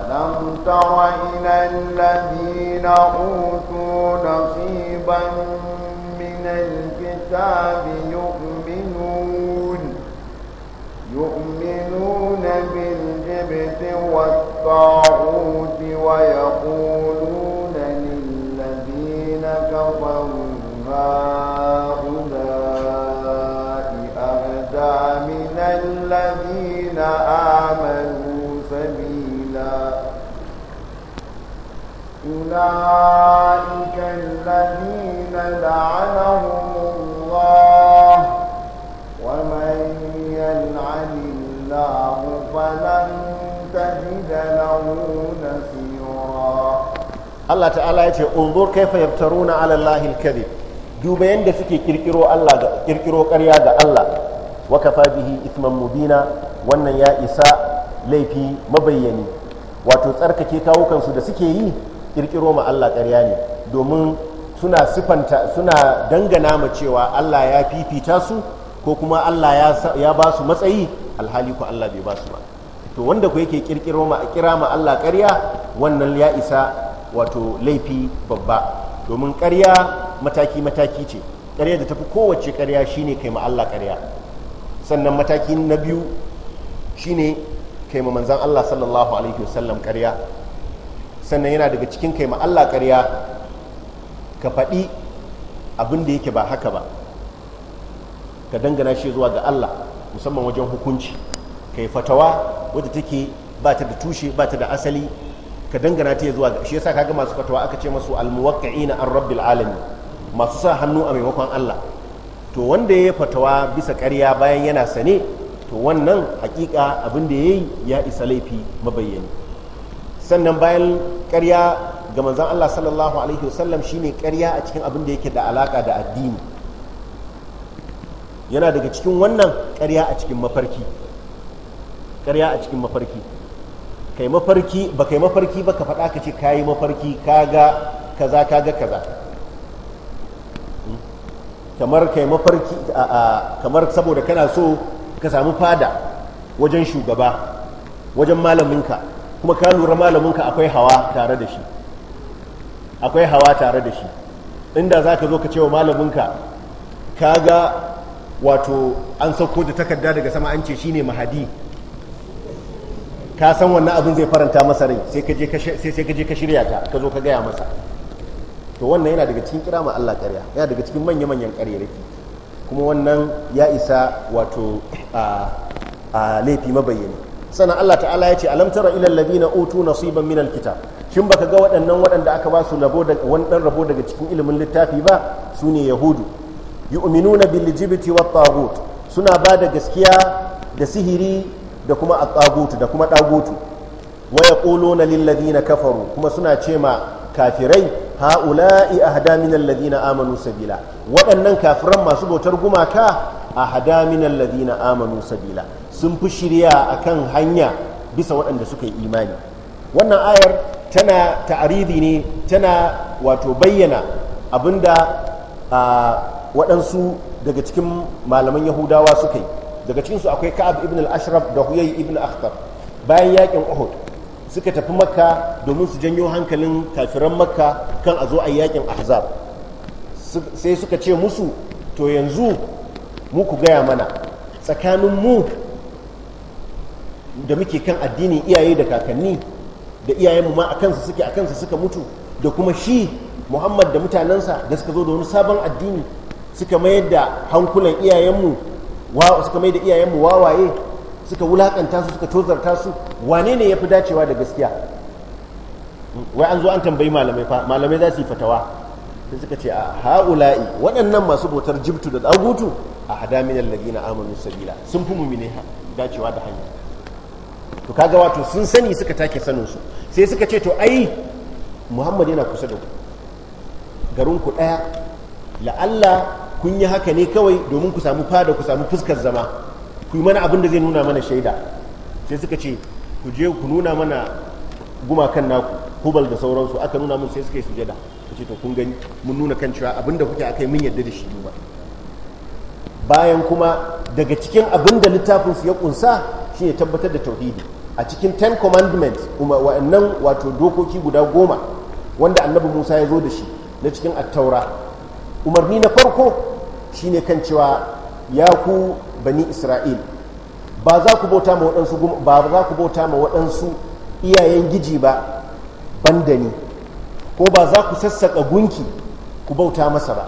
ألم تر إلى الذين أوتوا نصيبا من الكتاب يؤمنون يؤمنون بالجبت والطاعون ويقولون للذين كفروا هؤلاء أهدى من الذين آمنوا سبيلا أولئك الذين لعنهم الله ومن يلعن الله فلن تجد له نصيرا Allah ta'ala ya ce unzur kaifa yaftaruna ala Allahi al-kadhib duba yanda suke kirkiro Allah ga ƙarya ga Allah wa kafa bihi ithman mubina wannan ya isa laifi mabayyani wato tsarkake kawukan su da suke yi kirkiro ma Allah ƙarya ne domin suna sifanta suna dangana ma cewa Allah ya fifita su ko kuma Allah ya ba su matsayi alhali ko Allah bai ba su ba to wanda ku yake kirkiro ma kira ma Allah ƙarya wannan ya isa wato laifi babba domin karya mataki-mataki ce karya da tafi kowace karya shine kai ma Allah ƙarya sannan mataki na biyu shine kai ma manzan Allah sallallahu alaihi wasallam ƙarya sannan yana daga cikin kai ma Allah ƙarya ka faɗi abin da yake ba haka ba ka dangana shi zuwa ga Allah musamman wajen hukunci kai fatawa wadda take ba ta da tushe ba ta da asali ka dangana ta zuwa shi yasa kaga masu fatawa aka ce masu na an rabbil alamin masu sa hannu a maimakon Allah to wanda ya fatawa bisa karya bayan yana sane to wannan hakika abin da yayi ya isa laifi mabayyani sannan bayan ƙarya ga manzon Allah sallallahu alaihi wasallam shine ƙarya a cikin abin da yake da alaka da addini yana daga cikin wannan karya a cikin mafarki kai mafarki ba kai mafarki ba ka faɗa ka ce ka yi mafarki ka ga kaza ka ga kaza hmm? kamar kai mafarki kamar saboda kana so ka samu fada wajen shugaba wajen malaminka kuma ka lura malaminka akwai hawa tare da shi akwai hawa tare da shi inda za ka zo ka ce wa malaminka ka ga wato an sauko da takarda daga sama an ce shine mahadi ka san wannan abin zai faranta masa rai sai ka ka shirya ta ka zo ka gaya masa to wannan yana daga cikin kira ma Allah ƙarya yana daga cikin manya manyan ƙaryarki kuma wannan ya isa wato a laifi mabayyani sannan Allah ta'ala ya ce alam tara ila alladhina utu nasiban min alkitab shin baka ga waɗannan waɗanda aka ba su rabo daga wani dan rabo daga cikin ilimin littafi ba sune yahudu yu'minuna bil jibti wat tagut suna ba da gaskiya da sihiri da kuma a tagutu da kuma waya wa na lil na kafaru kuma suna ce ma kafirai haula'i ahda min na amanu sabila waɗannan kafiran masu bautar gumaka ahda min na amanu sabila sun fi shirya a kan hanya bisa waɗanda suka yi imani wannan ayar tana ta'aridi ne tana wato bayyana abinda waɗansu daga cikin malaman yahudawa suka yi daga cikinsu akwai ka'ab ibn al-ashraf da huyai ibn akhtar bayan yakin uhud suka tafi makka domin su janyo hankalin kafiran makka kan a zo a yakin ahzab sai suka ce musu to yanzu mu ku gaya mana tsakanin mu da muke kan addini iyaye da kakanni da iyayenmu ma a kansu suke a kansu suka mutu da kuma shi muhammad da mutanensa da suka zo da wani sabon addini suka mayar da hankulan iyayenmu wa suka mai da iyayenmu wawaye suka wulakanta su suka tozarta su wane ne ya fi dacewa da gaskiya wai an zo an tambayi malamai fa malamai za su yi fatawa sai suka ce a ha'ula'i waɗannan masu bautar jibtu da tsagutu a hada lagina alladhina sabila sun fi mumine dacewa da hanya to kaga wato sun sani suka take sanin su sai suka ce to ai muhammad yana kusa da ku garin ku daya la'alla kun yi haka ne kawai domin ku samu fada ku samu fuskar zama ku yi mana abin da zai nuna mana shaida sai suka ce ku je ku nuna mana gumakan naku hubal da sauransu aka nuna mun sai suka yi sujada ku ce to kun gani mun nuna kan cewa abin da kuke yi mun yadda da shi ba bayan kuma daga cikin abin da littafin su ya kunsa shine tabbatar da tauhidi a cikin 10 commandments kuma wa'annan wato dokoki guda goma wanda annabi musa ya zo da shi na cikin attaura umarni na farko Shi ne kan cewa ya ku bani isra'il ba za ku bauta ma waɗansu ba za ku bauta ma waɗansu iyayen giji ba da ni ko ba za ku sassaƙa gunki ku bauta masa ba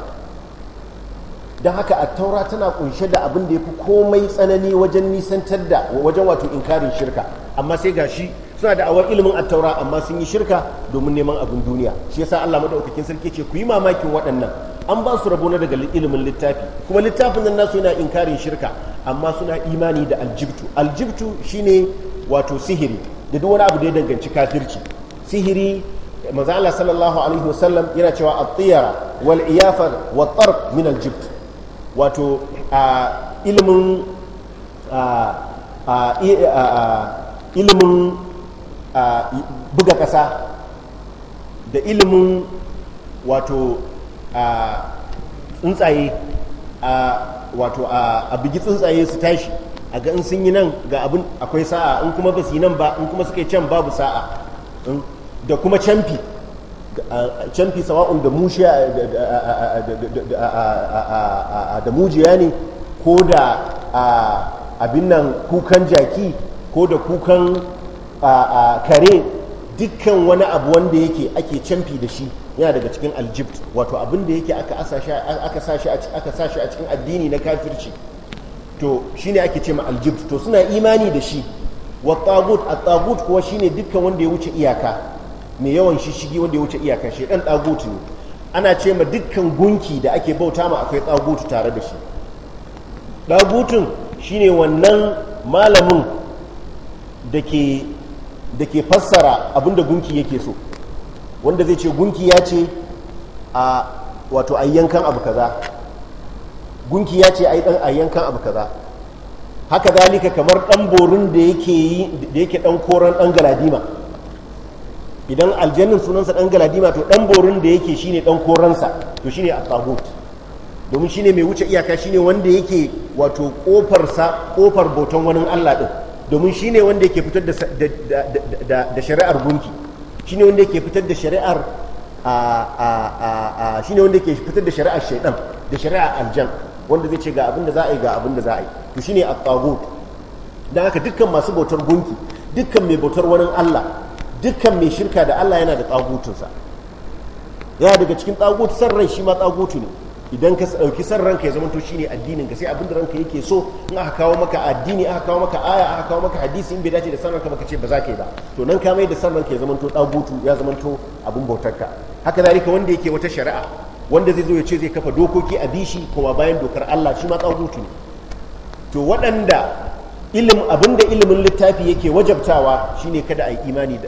don haka a taura tana kunshe da abin da ya fi komai tsanani wajen nisantar da wajen wato inkarin shirka amma sai ga shi suna da awar ilimin attaura amma sun yi shirka domin neman abin duniya shi yasa Allah madaukakin sarki ce ku yi mamakin waɗannan an ba su rabo na daga ilimin littafi kuma littafin nan nasu yana inkarin shirka amma suna imani da aljibtu aljibtu shine wato sihiri da duk wani abu da ya danganci kafirci sihiri manzo Allah sallallahu alaihi wasallam yana cewa at-tiyara wal iyafar wa tarq min aljibt wato a ilimin a a ilimin buga kasa da ilimin wato tsuntsaye wato a bugi tsuntsaye su tashi a ga in sun yi nan ga abin akwai sa'a in kuma ba su yi nan ba in kuma suka can babu sa'a da kuma canfi canfi sawa'un da mushiya da mujiya ne ko da abin nan kukan jaki ko da kukan kare dukkan wani abu wanda yake ake canfi da shi yana daga cikin aljibt wato abin da yake aka sa shi a cikin addini na kafirci to shine ake ce ma aljibt to suna imani da shi wa tagut a tagut kuwa shine dukkan wanda ya wuce iyaka mai yawan shishigi wanda ya wuce iyaka shi dan tagut ne ana ce ma dukkan gunki da ake bauta ma akwai tagut tare da shi tagutun shine wannan malamin da ke fassara da gunki yake so wanda zai ce gunki ya ce a wato ayyankan abu kaza gunki ya ce ai dan ayyankan abu kaza haka zalika kamar dan borin da yake yi da yake dan koran dan galadima idan aljannin sunansa dan galadima to dan borin da yake shine dan koransa to shine at domin shine mai wuce iyaka shine wanda yake wato kofar sa kofar boton wani Allah din domin shine wanda yake fitar da da shari'ar gunki shine wanda yake fitar da shari'ar a shine wanda yake fitar da shari'ar shaydan da shari'ar aljan wanda zai ce ga abin da za a yi ga abin da za a yi to shine at dan haka dukkan masu bautar gunki dukkan mai bautar wani Allah dukkan mai shirka da Allah yana da tsagutunsa yana daga cikin tsagutun san rai shi ma tsagutu ne idan ka ɗauki san ranka ya zama to shine addinin ka sai abinda ranka yake so in aka kawo maka addini aka kawo maka aya aka kawo maka hadisi in bai dace da san ranka baka ce ba za ka yi ba to nan ka mai da san ranka ya zama to dagutu ya zama to abin bautarka haka zalika wanda yake wata shari'a wanda zai zo ya ce zai kafa dokoki a bishi kuma bayan dokar Allah shi ma dagutu ne to waɗanda ilimin abinda ilimin littafi yake wajabtawa shine kada a yi imani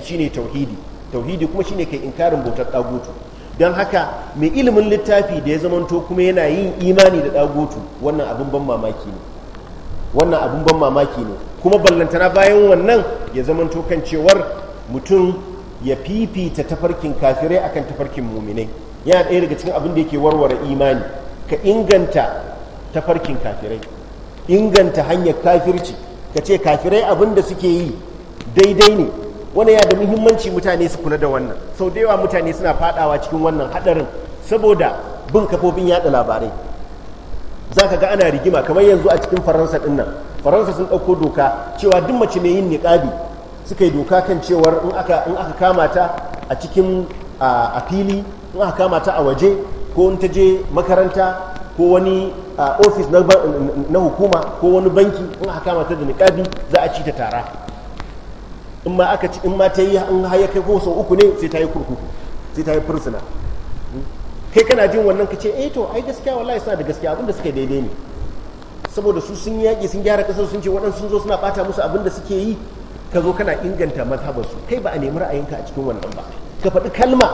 shine tauhidi tauhidi kuma shine kai inkarin bautar dagutu don haka mai ilimin littafi da ya zamanto kuma yana yin imani da ɗagutu wannan abin ban mamaki ne wannan abin ban mamaki ne kuma ballantana bayan wannan ya zamanto kan cewar mutum ya fifita tafarkin kafirai akan tafarkin muminai yana ɗaya daga cikin abin da yake warware imani ka inganta tafarkin kafirai inganta hanyar kafirci ka ce kafirai abin da suke yi daidai ne wani ya da muhimmanci mutane su kula da wannan sau da yawa mutane suna fadawa cikin wannan hadarin saboda bin kafofin yada labarai za ka ga ana rigima kamar yanzu a cikin faransa din nan faransa sun ɗauko doka cewa duk mace mai yin niƙabi suka yi doka kan cewar in aka in aka kama ta a cikin a fili in aka kama ta a waje ko in ta je makaranta ko wani ofis na hukuma ko wani banki in aka kama ta da niƙabi za a ci ta tara in ma aka ci in ma ta yi in haya ya kai ko sau uku ne sai ta yi kurkuku sai ta yi fursuna kai kana jin wannan ka ce eh to ai gaskiya wallahi suna da gaskiya abinda suka daidai ne saboda su sun yaƙi sun gyara ƙasar sun ce waɗansu sun zo suna ɓata musu abinda suke yi ka zo kana inganta mazhabarsu kai ba a nemi ra'ayinka a cikin wannan ba ka faɗi kalma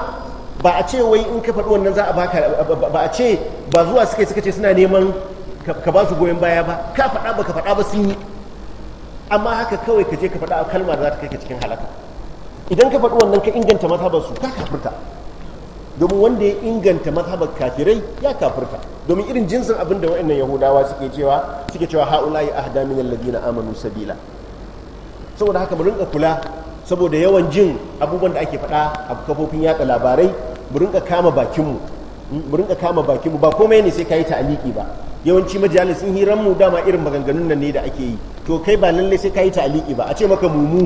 ba a ce wai in ka faɗi wannan za a baka ba a ce ba zuwa suka suka ce suna neman ka ba su goyon baya ba ka faɗa ba ka faɗa ba sun yi amma haka kawai ka je ka faɗa kalma da za ta kai ka cikin halaka idan ka faɗi wannan ka inganta mazhabar su ka kafirta domin wanda ya inganta mazhabar kafirai ya kafirta domin irin jinsin abin da waɗannan yahudawa suke cewa suke cewa haula'i ahda min alladhina amanu sabila saboda haka mu kula saboda yawan jin abubuwan da ake faɗa a kafofin yaɗa labarai mu rinka kama bakinmu mu rinka kama bakinmu ba komai ne sai ka yi ta'aliki ba yawanci majalisin hiran mu dama irin maganganun nan ne da ake yi to kai ba lallai sai kai ta'liqi ba a ce maka mumu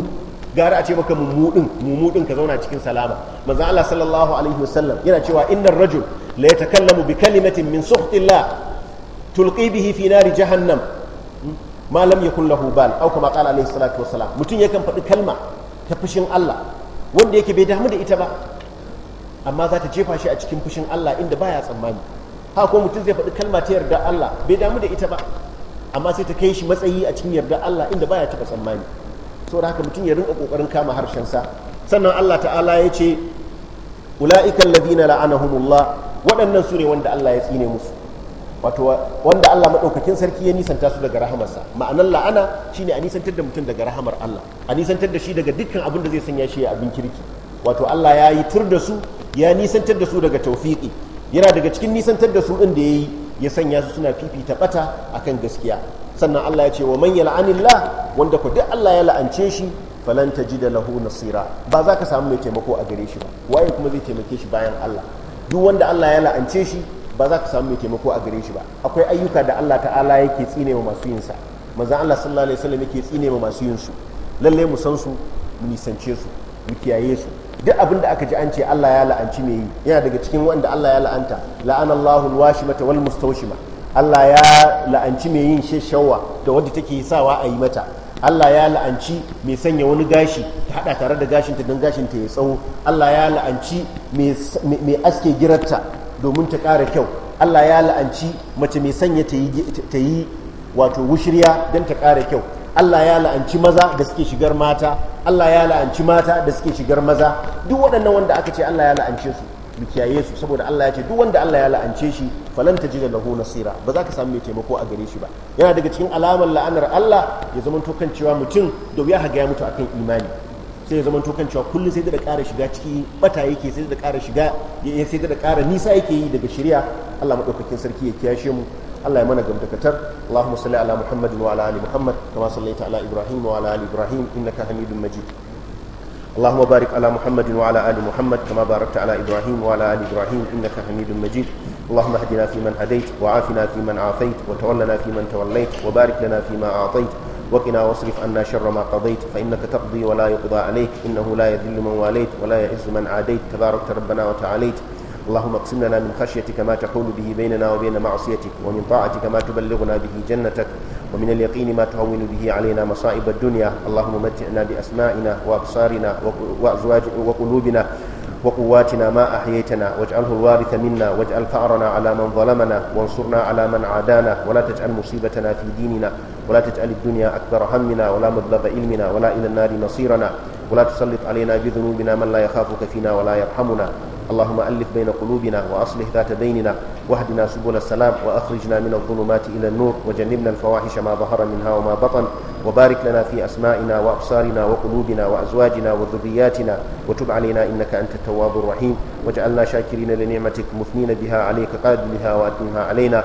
gara a ce maka mumu din mumu din ka zauna cikin salama manzo Allah sallallahu alaihi wasallam yana cewa innar rajul la yatakallamu bi kalimatin min suhtillah tulqi bihi fi nari jahannam ma lam yakun lahu bal aw kama qala alaihi salatu wasalam mutun yakan faɗi kalma ta fushin Allah wanda yake bai damu da ita ba amma za ta jefa shi a cikin fushin Allah inda baya tsammani ha ko mutum zai faɗi kalma ta yarda Allah bai damu da ita ba amma sai ta kai shi matsayi a cikin yarda Allah inda baya taɓa tsammani saboda haka mutum ya rinka kokarin kama harshen sa sannan Allah ta'ala ya ce ula'ika alladhina la'anahumullah waɗannan su ne wanda Allah ya tsine musu wato wanda Allah madaukakin sarki ya nisanta su daga rahamarsa ma'anar la'ana shine a nisantar da mutum daga rahamar Allah a nisantar da shi daga dukkan abin da zai sanya shi abin kirki wato Allah ya yi tur da su ya nisantar da su daga tawfiqi yana daga cikin nisantar da su inda ya yi ya sanya su suna fifita bata akan gaskiya sannan Allah ya ce wa man la'anilla wanda ku duk Allah ya la'ance shi ji da lahu nasira ba za ka samu mai taimako a gare shi ba waye kuma zai taimake shi bayan Allah duk wanda Allah ya la'ance shi ba za ka samu mai taimako a gare shi ba akwai ayyuka da Allah ta'ala yake tsine wa masu yinsa maza Allah sallallahu alaihi wasallam yake tsine wa masu yinsu lalle mu san su mu nisance su mu kiyaye su duk abin da aka ji an ce Allah ya la'anci mai yi yana daga cikin wanda Allah ya la'anta la'anallahu Allahul washimata wal mustawshima Allah ya la'anci mai yin shashawa da wadda take sawa a yi mata Allah ya la'anci mai sanya wani gashi ta hada tare da gashinta don gashinta ya tsawo Allah ya la'anci mai aske girarta domin ta ƙara kyau Allah ya la'anci mace mai sanya ta yi wato wushirya don ta kara kyau Allah ya la'anci maza da suke shigar mata Allah ya la'anci mata da suke shigar maza duk waɗannan wanda aka ce Allah ya la'ance su mu kiyaye su saboda Allah ya ce duk wanda Allah ya la'ance shi falan tajida lahu nasira ba za ka samu mai taimako a gare shi ba yana daga cikin alamar la'anar Allah ya zama to kan cewa mutum da wuya haga ya mutu akan imani sai ya zama to kan cewa kullum sai da ƙara shiga ciki bata yake sai da ƙara shiga sai da ƙara nisa yake yi daga shari'a Allah madaukakin sarki ya kiyashe mu Allah ya mana gamtakatar Allahumma salli ala Muhammad wa ala ali Muhammad kama sallaita ala Ibrahim wa ala ali Ibrahim innaka Hamidun Majid Allahumma barik ala Muhammad wa ala ali Muhammad kama barakta ala Ibrahim wa ala ali Ibrahim innaka Hamidun Majid اللهم اهدنا فيمن هديت وعافنا فيمن عافيت وتولنا فيمن توليت وبارك لنا فيما اعطيت وقنا واصرف عنا شر ما قضيت فانك تقضي ولا يقضى عليك انه لا يذل من واليت ولا يعز من عاديت تبارك ربنا وتعاليت اللهم اقسم لنا من خشيتك ما تحول به بيننا وبين معصيتك ومن طاعتك ما تبلغنا به جنتك ومن اليقين ما تهون به علينا مصائب الدنيا اللهم متعنا بأسمائنا وأبصارنا وأزواج وقلوبنا وقواتنا ما أحييتنا واجعله الوارث منا واجعل ثأرنا على من ظلمنا وانصرنا على من عادانا ولا تجعل مصيبتنا في ديننا ولا تجعل الدنيا أكبر همنا ولا مبلغ علمنا ولا إلى النار مصيرنا ولا تسلط علينا بذنوبنا من لا يخافك فينا ولا يرحمنا اللهم ألف بين قلوبنا وأصلح ذات بيننا واهدنا سبل السلام وأخرجنا من الظلمات إلى النور وجنبنا الفواحش ما ظهر منها وما بطن وبارك لنا في أسمائنا وأبصارنا وقلوبنا وأزواجنا وذرياتنا وتب علينا إنك أنت التواب الرحيم واجعلنا شاكرين لنعمتك مثنين بها عليك قابلها وأتمها علينا